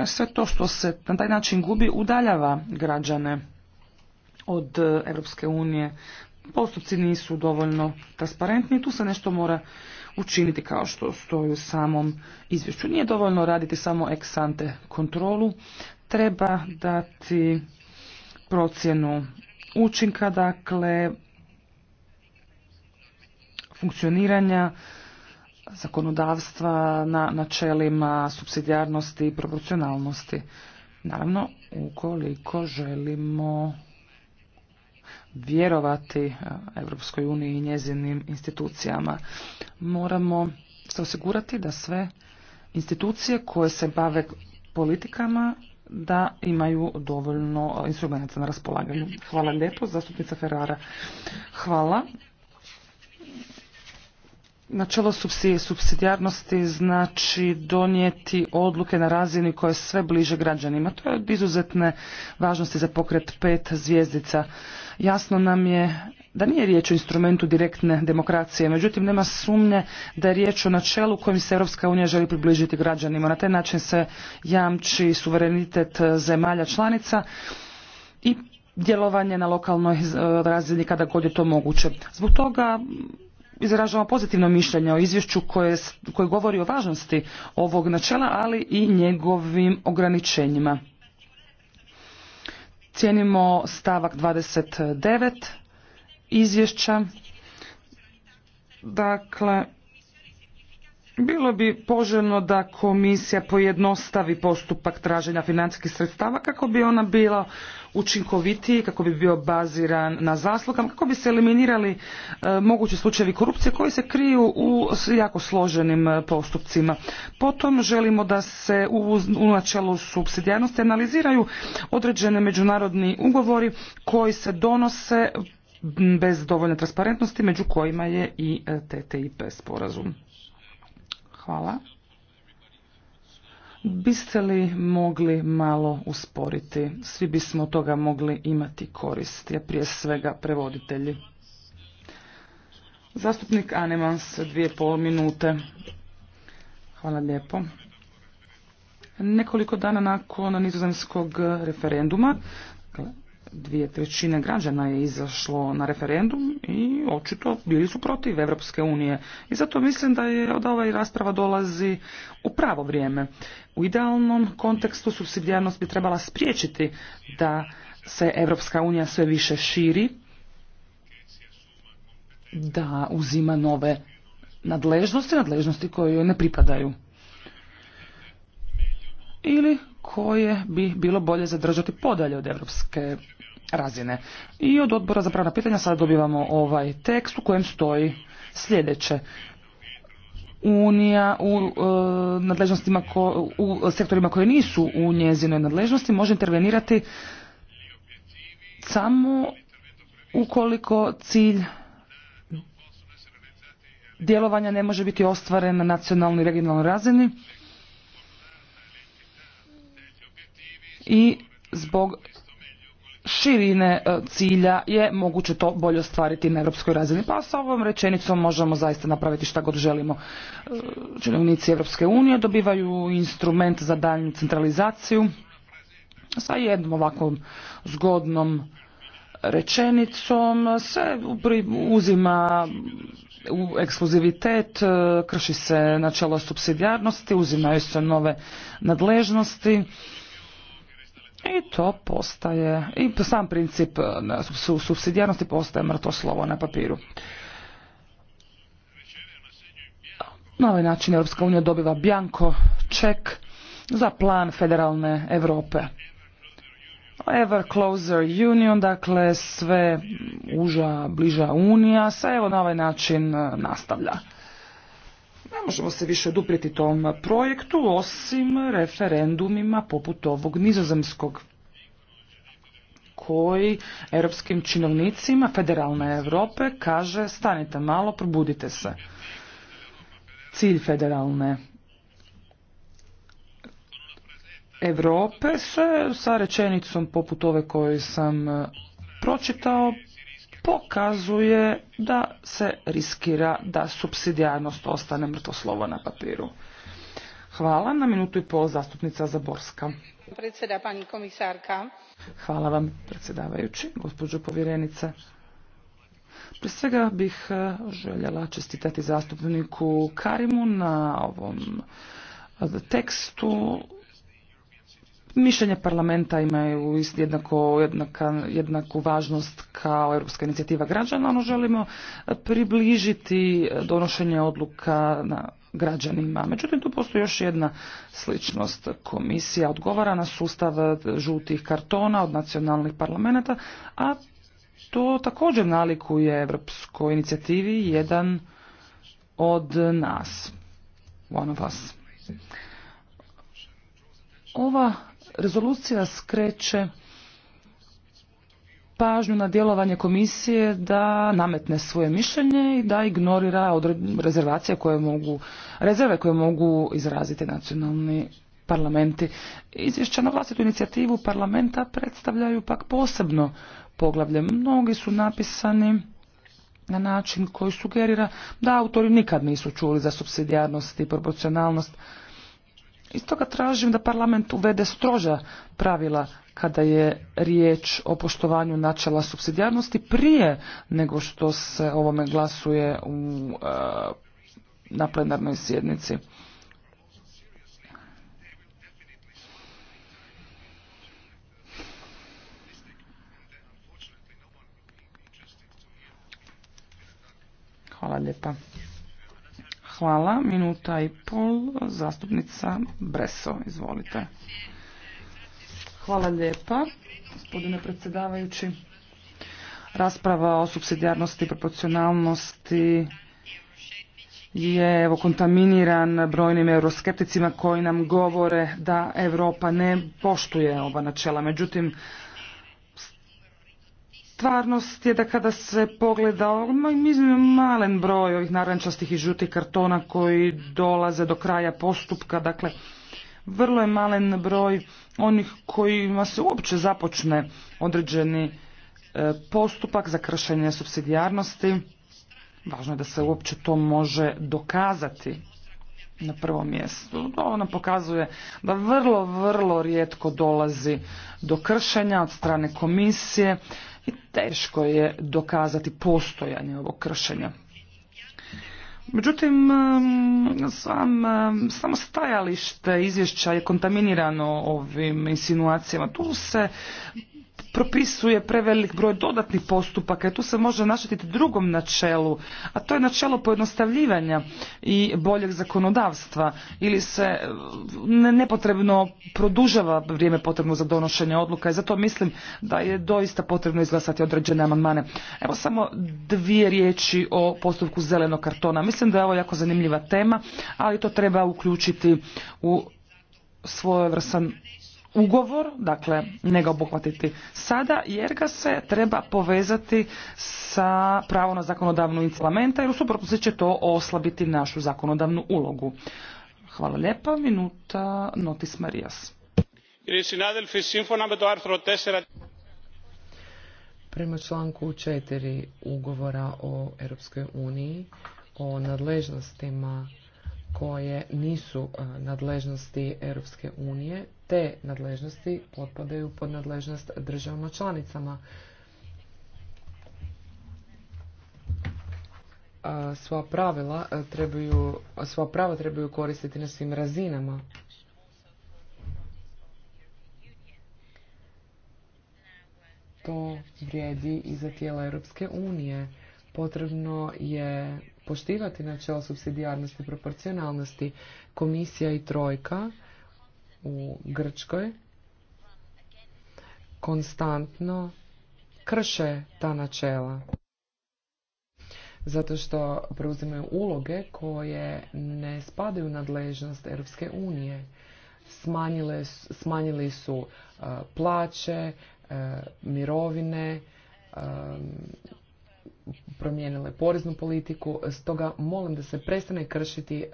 Sve to što se na taj način gubi udaljava građane od e, Europske unije. Postupci nisu dovoljno transparentni, tu se nešto mora učiniti kao što stoji u samom izvješću. Nije dovoljno raditi samo ex ante kontrolu, treba dati procjenu učinka, dakle, funkcioniranja zakonodavstva na načelima subsidijarnosti i proporcionalnosti. Naravno, ukoliko želimo vjerovati Europskoj eh, uniji i njezinim institucijama. Moramo se osigurati da sve institucije koje se bave politikama da imaju dovoljno instrumenta na raspolaganju. Hvala lijepo, zastupnica Ferrara. Hvala. Načelo subsidijarnosti znači donijeti odluke na razini koje sve bliže građanima. To je od izuzetne važnosti za pokret pet zvijezdica. Jasno nam je da nije riječ o instrumentu direktne demokracije, međutim nema sumnje da je riječ o načelu kojim se Europska unija želi približiti građanima. Na taj način se jamči suverenitet e, zemalja članica i djelovanje na lokalnoj e, razini kada god je to moguće. Zbog toga izražava pozitivno mišljenje o izvješću koje, govori o važnosti ovog načela, ali i njegovim ograničenjima. Cijenimo stavak 29 izvješća. Dakle, bilo bi poželjno da komisija pojednostavi postupak traženja financijskih sredstava kako bi ona bila učinkovitiji, kako bi bio baziran na zaslugama, kako bi se eliminirali e, mogući slučajevi korupcije koji se kriju u jako složenim e, postupcima. Potom želimo da se u, načelu supsidijarnosti analiziraju određene međunarodni ugovori koji se donose bez dovoljne transparentnosti, među kojima je i e, TTIP sporazum. Hvala. Biste li mogli malo usporiti? Svi bismo toga mogli imati korist, ja prije svega prevoditelji. Zastupnik Anemans, dvije pol minute. Hvala lijepo. Nekoliko dana nakon nizozemskog referenduma dvije trećine građana je izašlo na referendum i očito bili su protiv Evropske unije. I zato mislim da je od rasprava dolazi u pravo vrijeme. U idealnom kontekstu subsidijarnost bi trebala spriječiti da se Evropska unija sve više širi, da uzima nove nadležnosti, nadležnosti koje joj ne pripadaju. Ili koje bi bilo bolje zadržati podalje od europske razine. I od odbora za pravna pitanja sada dobivamo ovaj tekst u kojem stoji sljedeće. Unija u e, nadležnostima u sektorima koji nisu u njezinoj nadležnosti može intervenirati samo ukoliko cilj djelovanja ne može biti ostvaren na nacionalnoj i regionalnoj razini i zbog širine e, cilja je moguće to bolje ostvariti na europskoj razini. Pa sa ovom rečenicom možemo zaista napraviti šta god želimo. E, činovnici Europske unije dobivaju instrument za daljnju centralizaciju sa jednom ovakvom zgodnom rečenicom se uzima u ekskluzivitet, e, krši se načelo subsidijarnosti, uzimaju se nove nadležnosti i to postaje, i sam princip e, subsidijarnosti postaje mrtvo slovo na papiru. Na ovaj način Europska unija dobiva bjanko ček za plan federalne Europe. Ever Closer Union, dakle sve uža, bliža unija se evo na ovaj način e, nastavlja. Ne možemo se više oduprijeti tom projektu osim referendumima poput ovog nizozemskog koji europskim činovnicima federalne Europe kaže stanite malo, probudite se. Cilj federalne Europe se sa rečenicom poput ove koju sam e, pročitao pokazuje da se riskira da subsidijarnost ostane mrtvo slovo na papiru. Hvala. Na minutu i pol zastupnica Zaborska. Predseda, pani komisarka. Hvala vam, predsjedavajući, gospođo povjerenice. Prije svega bih eh, željela čestitati zastupniku Karimu na ovom eh, tekstu Mišljenje parlamenta imaju jednako, jednaka, jednaku važnost kao Europska inicijativa građana, ono želimo približiti donošenje odluka na građanima. Međutim, tu postoji još jedna sličnost. Komisija odgovara na sustav žutih kartona od nacionalnih parlamenta, a to također nalikuje Europskoj inicijativi jedan od nas. One of us. Ova Rezolucija skreće pažnju na djelovanje komisije da nametne svoje mišljenje i da ignorira rezervacije koje mogu, rezerve koje mogu izraziti nacionalni parlamenti. Izvješća na vlastitu inicijativu parlamenta predstavljaju pak posebno poglavlje. Mnogi su napisani na način koji sugerira da autori nikad nisu čuli za subsidijarnost i proporcionalnost. I stoga tražim da parlament uvede stroža pravila kada je riječ o poštovanju načela subsidijarnosti prije nego što se ovome glasuje u, e, na plenarnoj sjednici. Hvala lijepa. Hvala. Minuta i pol. Zastupnica Breso, izvolite. Hvala lijepa, gospodine predsjedavajući. Rasprava o subsidijarnosti i proporcionalnosti je evo, kontaminiran brojnim euroskepticima koji nam govore da Europa ne poštuje ova načela. Međutim, Stvarnost je da kada se pogleda malen broj ovih narančastih i žutih kartona koji dolaze do kraja postupka, dakle vrlo je malen broj onih kojima se uopće započne određeni e, postupak za kršenje subsidijarnosti. Važno je da se uopće to može dokazati na prvom mjestu. To ona pokazuje da vrlo, vrlo rijetko dolazi do kršenja od strane komisije teško je dokazati postojanje ovog kršenja. Međutim, sam, samo stajalište izvješća je kontaminirano ovim insinuacijama. Tu se propisuje prevelik broj dodatnih postupaka i tu se može našetiti drugom načelu, a to je načelo pojednostavljivanja i boljeg zakonodavstva ili se mm, nepotrebno produžava vrijeme potrebno za donošenje odluka i zato mislim da je doista potrebno izglasati određene amandmane. Evo samo dvije riječi o postupku zelenog kartona. Mislim da je ovo jako zanimljiva tema, ali to treba uključiti u svojevrsan ugovor, dakle ne ga obuhvatiti sada, jer ga se treba povezati sa pravo na zakonodavnu instrumenta, jer u suprotnosti će to oslabiti našu zakonodavnu ulogu. Hvala lijepa, minuta Notis Marijas. Prema članku četiri ugovora o Europskoj uniji o nadležnostima koje nisu nadležnosti Europske unije te nadležnosti potpadaju pod nadležnost državama članicama. Sva pravila e, trebaju, sva prava trebaju koristiti na svim razinama. To vrijedi i za tijela Europske unije. Potrebno je poštivati načelo subsidijarnosti i proporcionalnosti. Komisija i trojka u Grčkoj konstantno krše ta načela. Zato što preuzimaju uloge koje ne spadaju u nadležnost Europske unije. Smanjile, smanjili su e, plaće, e, mirovine, e, promijenile poreznu politiku. Stoga molim da se prestane kršiti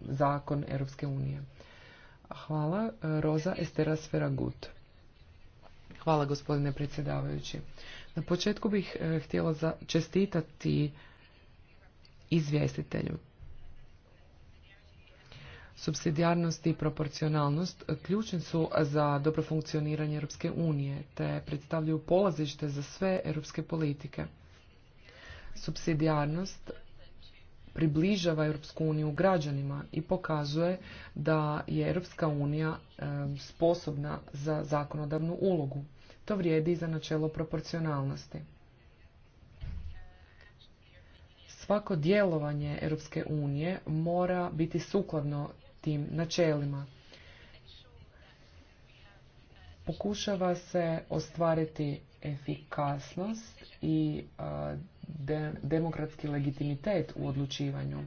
zakon Europske unije. Hvala. Roza Estera gut Hvala gospodine predsjedavajući. Na početku bih e, htjela čestitati izvjestitelju. Subsidijarnost i proporcionalnost ključni su za dobro funkcioniranje Europske unije, te predstavljaju polazište za sve europske politike. Subsidijarnost približava Europsku uniju građanima i pokazuje da je Europska unija sposobna za zakonodavnu ulogu. To vrijedi i za načelo proporcionalnosti. Svako djelovanje Europske unije mora biti sukladno tim načelima. Pokušava se ostvariti efikasnost i demokratski legitimitet u odlučivanju.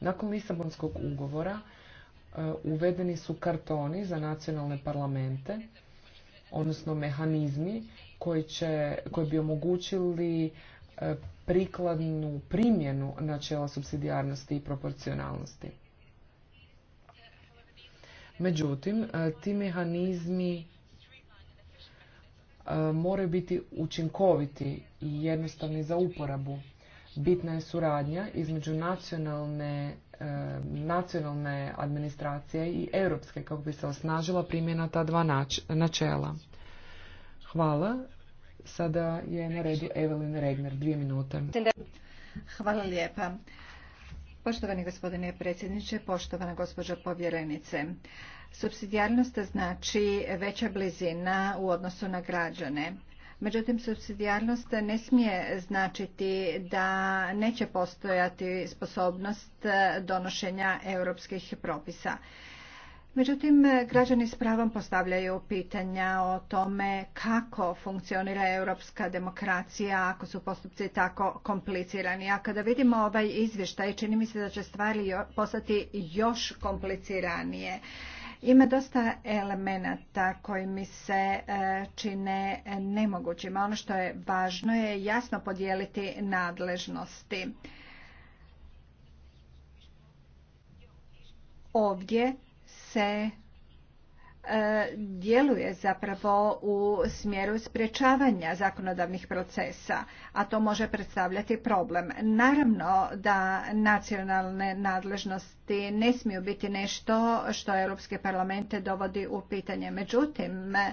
Nakon Lisabonskog ugovora e, uvedeni su kartoni za nacionalne parlamente, odnosno mehanizmi koji, će, koji bi omogućili e, prikladnu primjenu načela subsidijarnosti i proporcionalnosti. Međutim, e, ti mehanizmi E, moraju biti učinkoviti i jednostavni za uporabu. Bitna je suradnja između nacionalne, e, nacionalne administracije i europske kako bi se osnažila primjena ta dva načela. Hvala. Sada je na redu Evelyn Regner. Dvije minute. Hvala lijepa. Poštovani gospodine predsjedniče, poštovana gospođo povjerenice. Subsidijarnost znači veća blizina u odnosu na građane. Međutim, subsidijarnost ne smije značiti da neće postojati sposobnost donošenja europskih propisa. Međutim, građani s pravom postavljaju pitanja o tome kako funkcionira europska demokracija ako su postupci tako komplicirani. A kada vidimo ovaj izvještaj, čini mi se da će stvari postati još kompliciranije. Ima dosta elemenata koji mi se e, čine nemogućima. Ono što je važno je jasno podijeliti nadležnosti. Ovdje se E, djeluje zapravo u smjeru sprječavanja zakonodavnih procesa, a to može predstavljati problem. Naravno da nacionalne nadležnosti ne smiju biti nešto što Europske parlamente dovodi u pitanje. Međutim, e,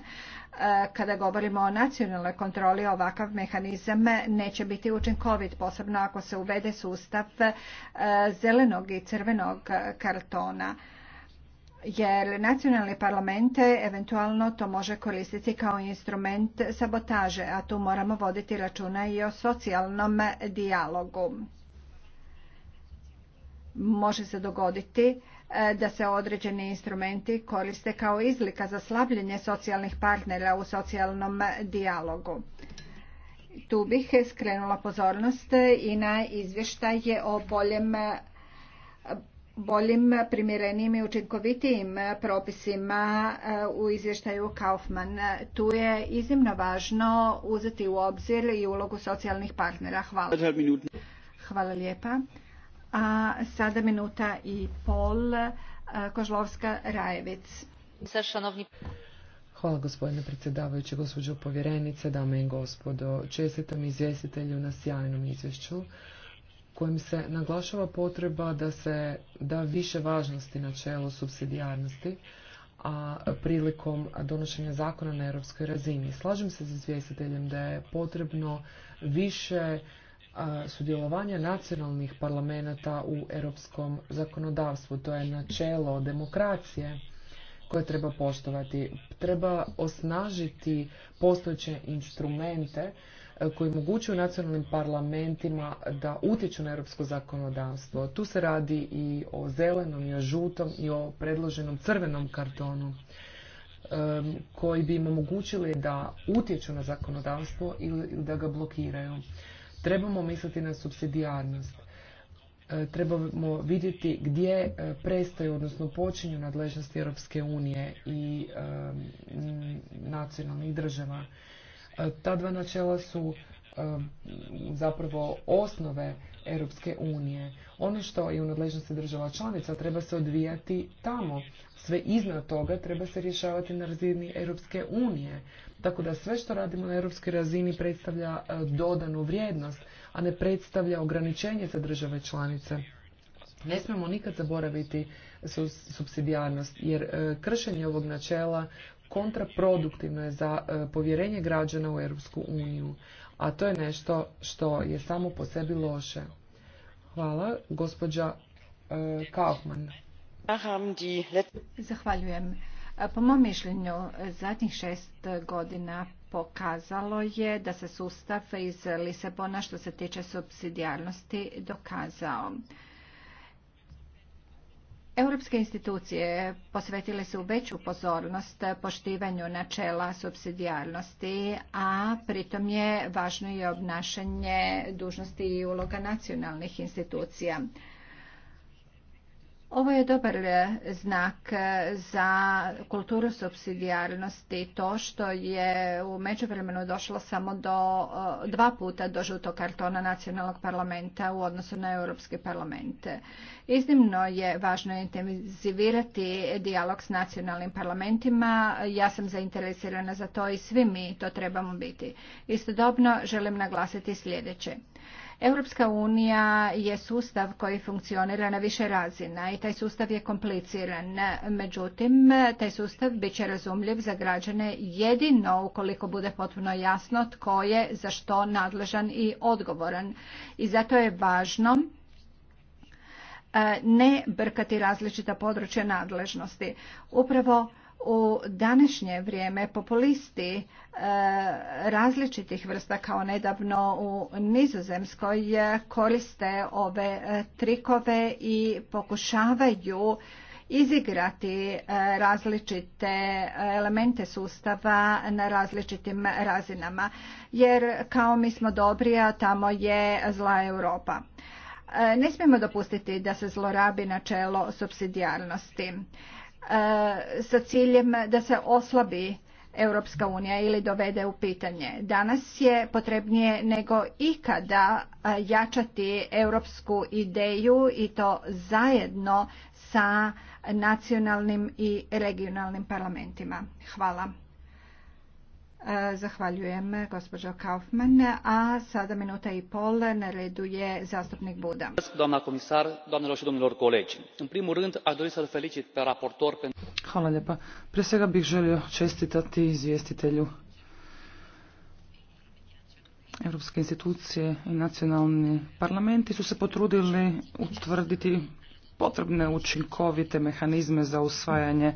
kada govorimo o nacionalnoj kontroli, ovakav mehanizam neće biti učinkovit, posebno ako se uvede sustav e, zelenog i crvenog kartona jer nacionalni parlamente eventualno to može koristiti kao instrument sabotaže, a tu moramo voditi računa i o socijalnom dijalogu. Može se dogoditi e, da se određeni instrumenti koriste kao izlika za slabljenje socijalnih partnera u socijalnom dijalogu. Tu bih skrenula pozornost i na izvještaje o boljem boljim, primjerenijim i učinkovitijim propisima e, u izvještaju Kaufman. Tu je iznimno važno uzeti u obzir i ulogu socijalnih partnera. Hvala. Hvala lijepa. A sada minuta i pol. E, Kožlovska Rajevic. Hvala gospodine predsjedavajući, gospođo povjerenice, dame i gospodo. Čestitam izvjestitelju na sjajnom izvješću kojim se naglašava potreba da se da više važnosti načelo subsidijarnosti a prilikom donošenja zakona na europskoj razini. Slažem se sa izvjestiteljem da je potrebno više sudjelovanja nacionalnih parlamenta u europskom zakonodavstvu. To je načelo demokracije koje treba poštovati. Treba osnažiti postojeće instrumente koji mogućuju nacionalnim parlamentima da utječu na europsko zakonodavstvo. Tu se radi i o zelenom, i o žutom, i o predloženom crvenom kartonu koji bi im omogućili da utječu na zakonodavstvo ili da ga blokiraju. Trebamo misliti na subsidijarnost. E, trebamo vidjeti gdje e, prestaju, odnosno počinju nadležnosti Europske unije i nacionalnih država. E, ta dva načela su e, zapravo osnove Europske unije. Ono što je u nadležnosti država članica treba se odvijati tamo. Sve iznad toga treba se rješavati na razini Europske unije. Tako da sve što radimo na europskoj razini predstavlja e, dodanu vrijednost, a ne predstavlja ograničenje za države članice. Ne smijemo nikad zaboraviti subsidijarnost, jer kršenje ovog načela kontraproduktivno je za e, povjerenje građana u Europsku uniju, a to je nešto što je samo po sebi loše. Hvala, gospođa e, Kaufman. Zahvaljujem. Po mom mišljenju, zadnjih šest godina pokazalo je da se sustav iz Lisabona što se tiče subsidijarnosti dokazao. Europske institucije posvetile su veću pozornost poštivanju načela subsidijarnosti, a pritom je važno i obnašanje dužnosti i uloga nacionalnih institucija. Ovo je dobar e, znak e, za kulturu subsidijarnosti, to što je u međuvremenu došlo samo do e, dva puta do žutog kartona nacionalnog parlamenta u odnosu na europske parlamente Iznimno je važno intenzivirati dijalog s nacionalnim parlamentima. Ja sam zainteresirana za to i svi mi to trebamo biti. Istodobno želim naglasiti sljedeće. Europska unija je sustav koji funkcionira na više razina i taj sustav je kompliciran. Međutim, taj sustav bit će razumljiv za građane jedino ukoliko bude potpuno jasno tko je za što nadležan i odgovoran. I zato je važno e, ne brkati različita područja nadležnosti. Upravo u današnje vrijeme populisti e, različitih vrsta kao nedavno u Nizozemskoj e, koriste ove e, trikove i pokušavaju izigrati različite elemente sustava na različitim razinama jer kao mi smo dobri a tamo je zla Europa. Ne smijemo dopustiti da se zlorabi načelo subsidijarnosti. Eh, sa ciljem da se oslabi Europska unija ili dovede u pitanje. Danas je potrebnije nego ikada eh, jačati europsku ideju i to zajedno sa nacionalnim i regionalnim parlamentima. Hvala. E, zahvaljujem gospođo Kaufman. A sada minuta i pol, na redu je zastupnik Buda. Doamna komisar doamnelor și domnilor colegi, în primul rând aș dori să-l felicit pe raportor Hvala lijepa. Pre svega bih želio čestitati izvjestitelju Europske institucije i nacionalni parlamenti su se potrudili utvrditi potrebne učinkovite mehanizme za usvajanje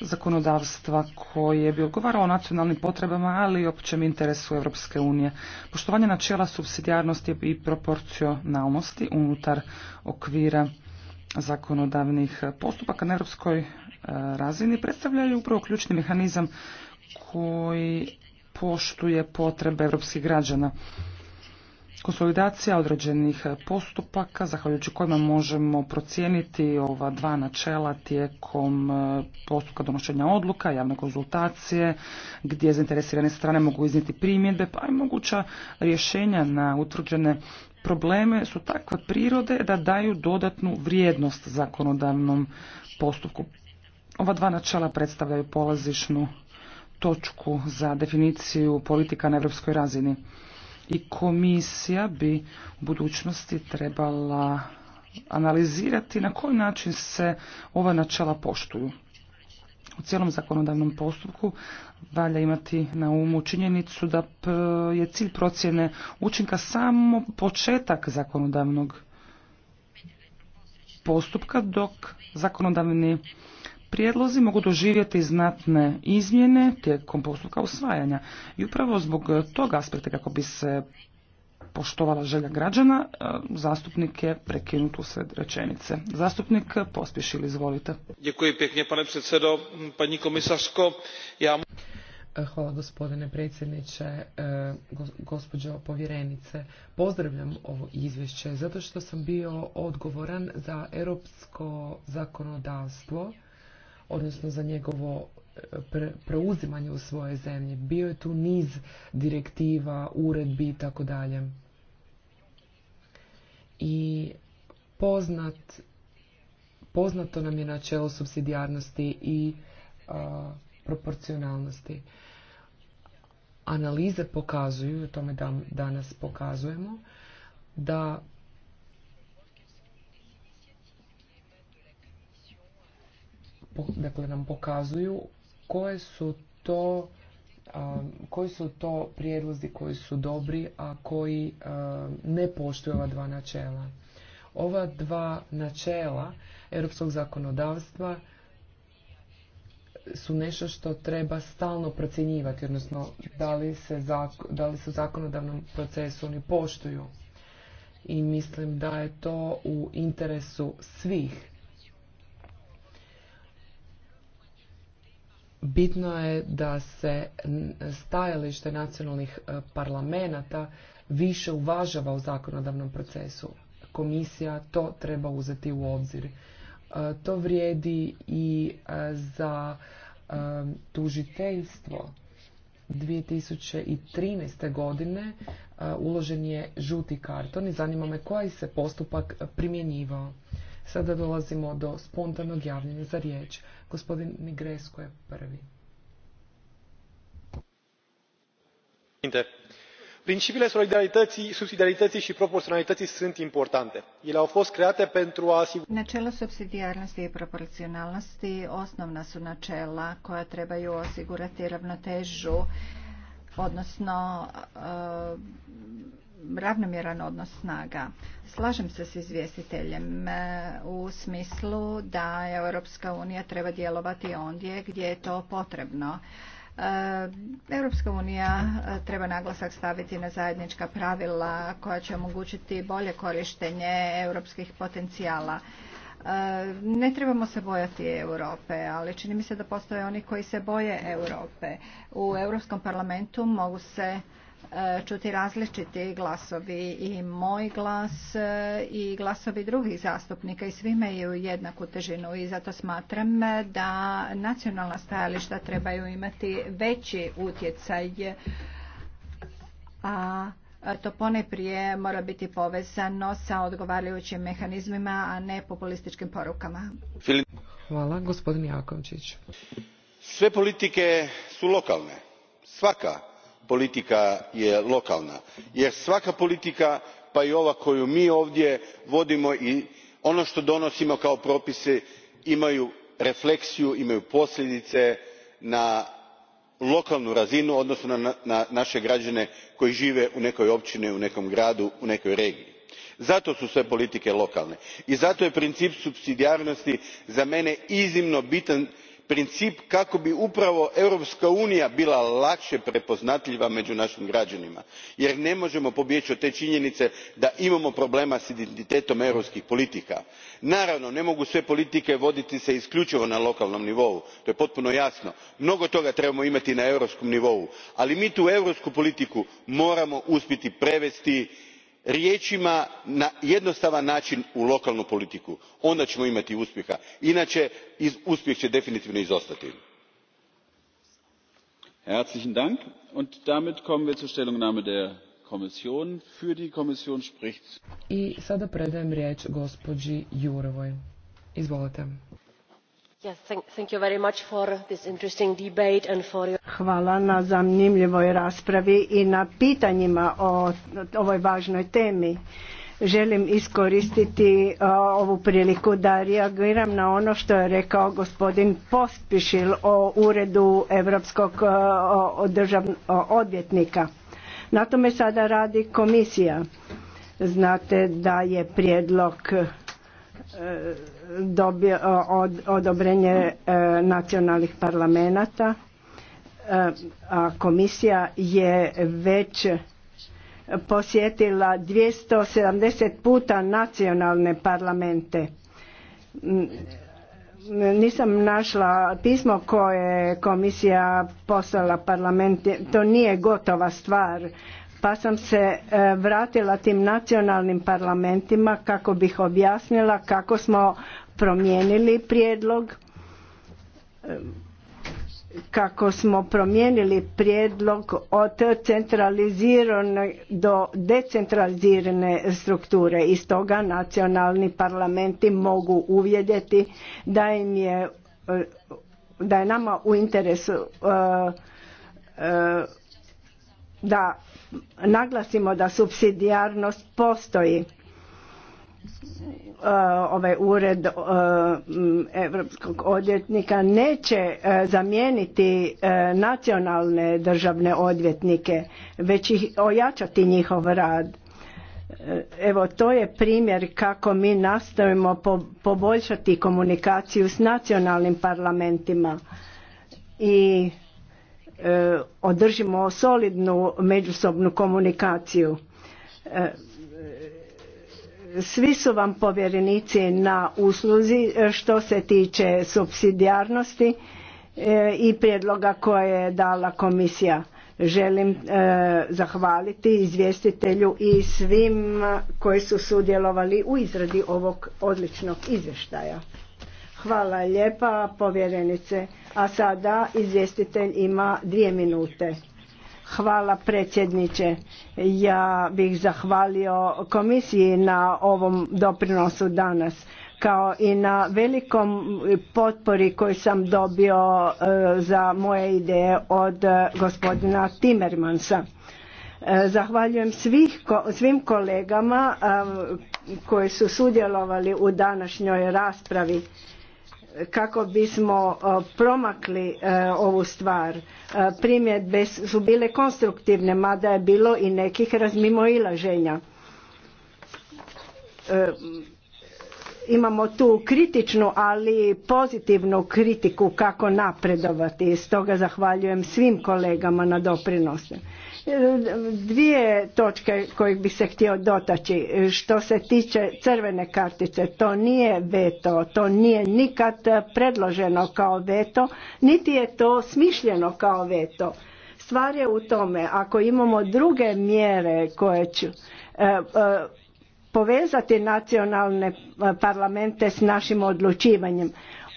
zakonodavstva koje bi odgovaralo nacionalnim potrebama, ali i općem interesu Europske unije. Poštovanje načela subsidijarnosti i proporcionalnosti unutar okvira zakonodavnih postupaka na europskoj e, razini predstavljaju upravo ključni mehanizam koji poštuje potrebe europskih građana konsolidacija određenih postupaka, zahvaljujući kojima možemo procijeniti ova dva načela tijekom e, postupka donošenja odluka, javne konzultacije, gdje zainteresirane strane mogu iznijeti primjedbe, pa i moguća rješenja na utvrđene probleme su takve prirode da daju dodatnu vrijednost zakonodavnom postupku. Ova dva načela predstavljaju polazišnu točku za definiciju politika na europskoj razini i komisija bi u budućnosti trebala analizirati na koji način se ova načela poštuju. U cijelom zakonodavnom postupku valja imati na umu činjenicu da je cilj procjene učinka samo početak zakonodavnog postupka dok zakonodavni prijedlozi mogu doživjeti znatne izmjene tijekom postupka usvajanja. I upravo zbog tog aspekta kako bi se poštovala želja građana, e, zastupnik je prekinut u sred rečenice. Zastupnik pospješili, izvolite. E, hvala gospodine predsjedniče, e, gospođo povjerenice. Pozdravljam ovo izvješće zato što sam bio odgovoran za europsko zakonodavstvo odnosno za njegovo e, preuzimanje u svoje zemlje. Bio je tu niz direktiva, uredbi i tako dalje. I poznat, poznato nam je načelo subsidijarnosti i proporcionalnosti. Analize pokazuju, o tome danas pokazujemo, da dakle, nam pokazuju koje su to koji su to prijedlozi koji su dobri, a koji ne poštuju ova dva načela. Ova dva načela europskog zakonodavstva su nešto što treba stalno procjenjivati, odnosno da li se, da li se u zakonodavnom procesu oni poštuju. I mislim da je to u interesu svih bitno je da se stajalište nacionalnih e, parlamenata više uvažava u zakonodavnom procesu. Komisija to treba uzeti u obzir. E, to vrijedi i e, za tužiteljstvo. 2013. godine uložen je žuti karton i zanima me koji se postupak primjenjivao. Sada dolazimo do spontanog javljanja za riječ. Gospodin Nigresko je prvi. Principiile solidarității, subsidiarității și proporționalității sunt importante. Ele au fost create pentru a asigura... Načelo subsidijarnosti i proporcionalnosti osnovna su načela koja trebaju osigurati ravnotežu, odnosno e, ravnomjeran odnos snaga. Slažem se s izvjestiteljem e, u smislu da Europska unija treba djelovati ondje gdje je to potrebno. E, Europska unija e, treba naglasak staviti na zajednička pravila koja će omogućiti bolje korištenje europskih potencijala. Ne trebamo se bojati Europe, ali čini mi se da postoje oni koji se boje Europe. U Europskom parlamentu mogu se E, čuti različiti glasovi i moj glas e, i glasovi drugih zastupnika i svi imaju jednaku težinu i zato smatram e, da nacionalna stajališta trebaju imati veći utjecaj a to prije mora biti povezano sa odgovarajućim mehanizmima, a ne populističkim porukama. Hvala, gospodin Jakovčić. Sve politike su lokalne. Svaka politika je lokalna jer svaka politika pa i ova koju mi ovdje vodimo i ono što donosimo kao propise imaju refleksiju imaju posljedice na lokalnu razinu odnosno na naše građane koji žive u nekoj općini u nekom gradu u nekoj regiji. zato su sve politike lokalne i zato je princip supsidijarnosti za mene iznimno bitan princip kako bi upravo europska unija bila lakše prepoznatljiva među našim građanima jer ne možemo pobjeći od te činjenice da imamo problema s identitetom europskih politika. naravno ne mogu sve politike voditi se isključivo na lokalnom nivou to je potpuno jasno. mnogo toga trebamo imati na europskom nivou ali mi tu europsku politiku moramo uspjeti prevesti riječima na jednostavan način u lokalnu politiku onda ćemo imati uspjeha inače uspjeh će definitivno izostati. herzlichen dank! damit kommen wir zur stellungnahme der kommission. für die kommission spricht. i sada predajem riječ gospođi Jurovoj. izvolite. Hvala na zanimljivoj raspravi i na pitanjima o ovoj važnoj temi. Želim iskoristiti e, ovu priliku da reagiram na ono što je rekao gospodin Pospišil o uredu Europskog e, odvjetnika. Na tome sada radi komisija. Znate da je prijedlog E, odobrenje e, nacionalnih parlamenata e, a komisija je već posjetila 270 puta nacionalne parlamente nisam našla pismo koje je komisija poslala parlamente to nije gotova stvar pa sam se e, vratila tim nacionalnim parlamentima kako bih objasnila kako smo promijenili prijedlog e, kako smo promijenili prijedlog od centralizirane do decentralizirane strukture i stoga nacionalni parlamenti mogu uvjeriti da im je e, da je nama u interesu da naglasimo da subsidijarnost postoji e, ovaj ured europskog odvjetnika neće e, zamijeniti e, nacionalne državne odvjetnike već ih ojačati njihov rad evo to je primjer kako mi nastojimo poboljšati komunikaciju s nacionalnim parlamentima i E, održimo solidnu međusobnu komunikaciju. E, svi su vam povjerenici na usluzi što se tiče subsidijarnosti e, i prijedloga koje je dala komisija. Želim zahvaliti izvjestitelju i svim koji su sudjelovali u izradi ovog odličnog izvještaja. Hvala lijepa povjerenice. A sada izvjestitelj ima dvije minute. Hvala predsjedniče. Ja bih zahvalio komisiji na ovom doprinosu danas kao i na velikom potpori koju sam dobio e, za moje ideje od e, gospodina Timmermansa. E, zahvaljujem svim kolegama koji su sudjelovali u današnjoj raspravi kako bismo e, promakli e, ovu stvar. E, primjedbe su bile konstruktivne, mada je bilo i nekih razmimoilaženja. Imamo tu kritičnu, ali pozitivnu kritiku kako napredovati. Stoga zahvaljujem svim kolegama na doprinose. Dvije točke kojih bi se htio dotaći. Što se tiče crvene kartice, to nije veto, to nije nikad predloženo kao veto, niti je to smišljeno kao veto. Stvar je u tome, ako imamo druge mjere koje će e, povezati nacionalne e, parlamente s našim odlučivanjem,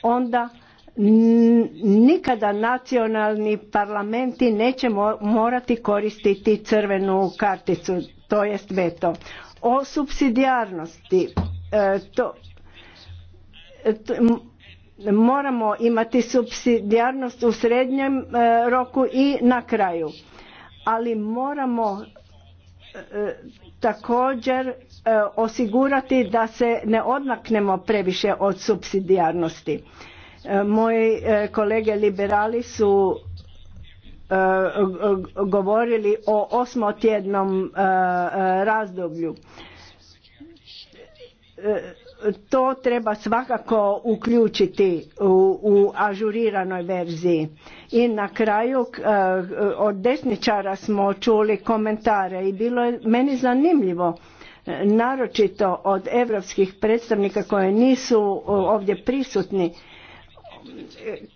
onda nikada nacionalni parlamenti neće morati koristiti crvenu karticu, to jest veto. O subsidijarnosti, e, to, e, moramo imati subsidijarnost u srednjem e, roku i na kraju. Ali moramo također osigurati da se ne odmaknemo previše od subsidijarnosti. Moji e, kolege liberali su e, govorili o osmotjednom e, razdoblju. To treba svakako uključiti u, ažuriranoj verziji. I na kraju od desničara smo čuli komentare i bilo je meni zanimljivo naročito od europskih predstavnika koji nisu ovdje prisutni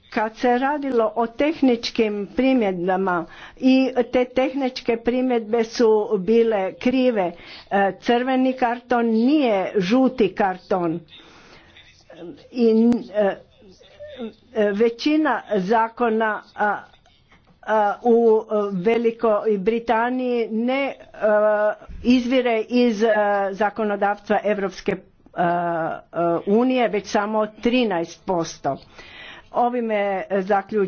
kad se radilo o tehničkim primjedbama i te tehničke primjedbe su bile krive e, crveni karton nije žuti karton i e, e, većina zakona u Velikoj Britaniji ne izvire iz zakonodavstva Europske unije već samo 13%. Ovime e, zakljuujem.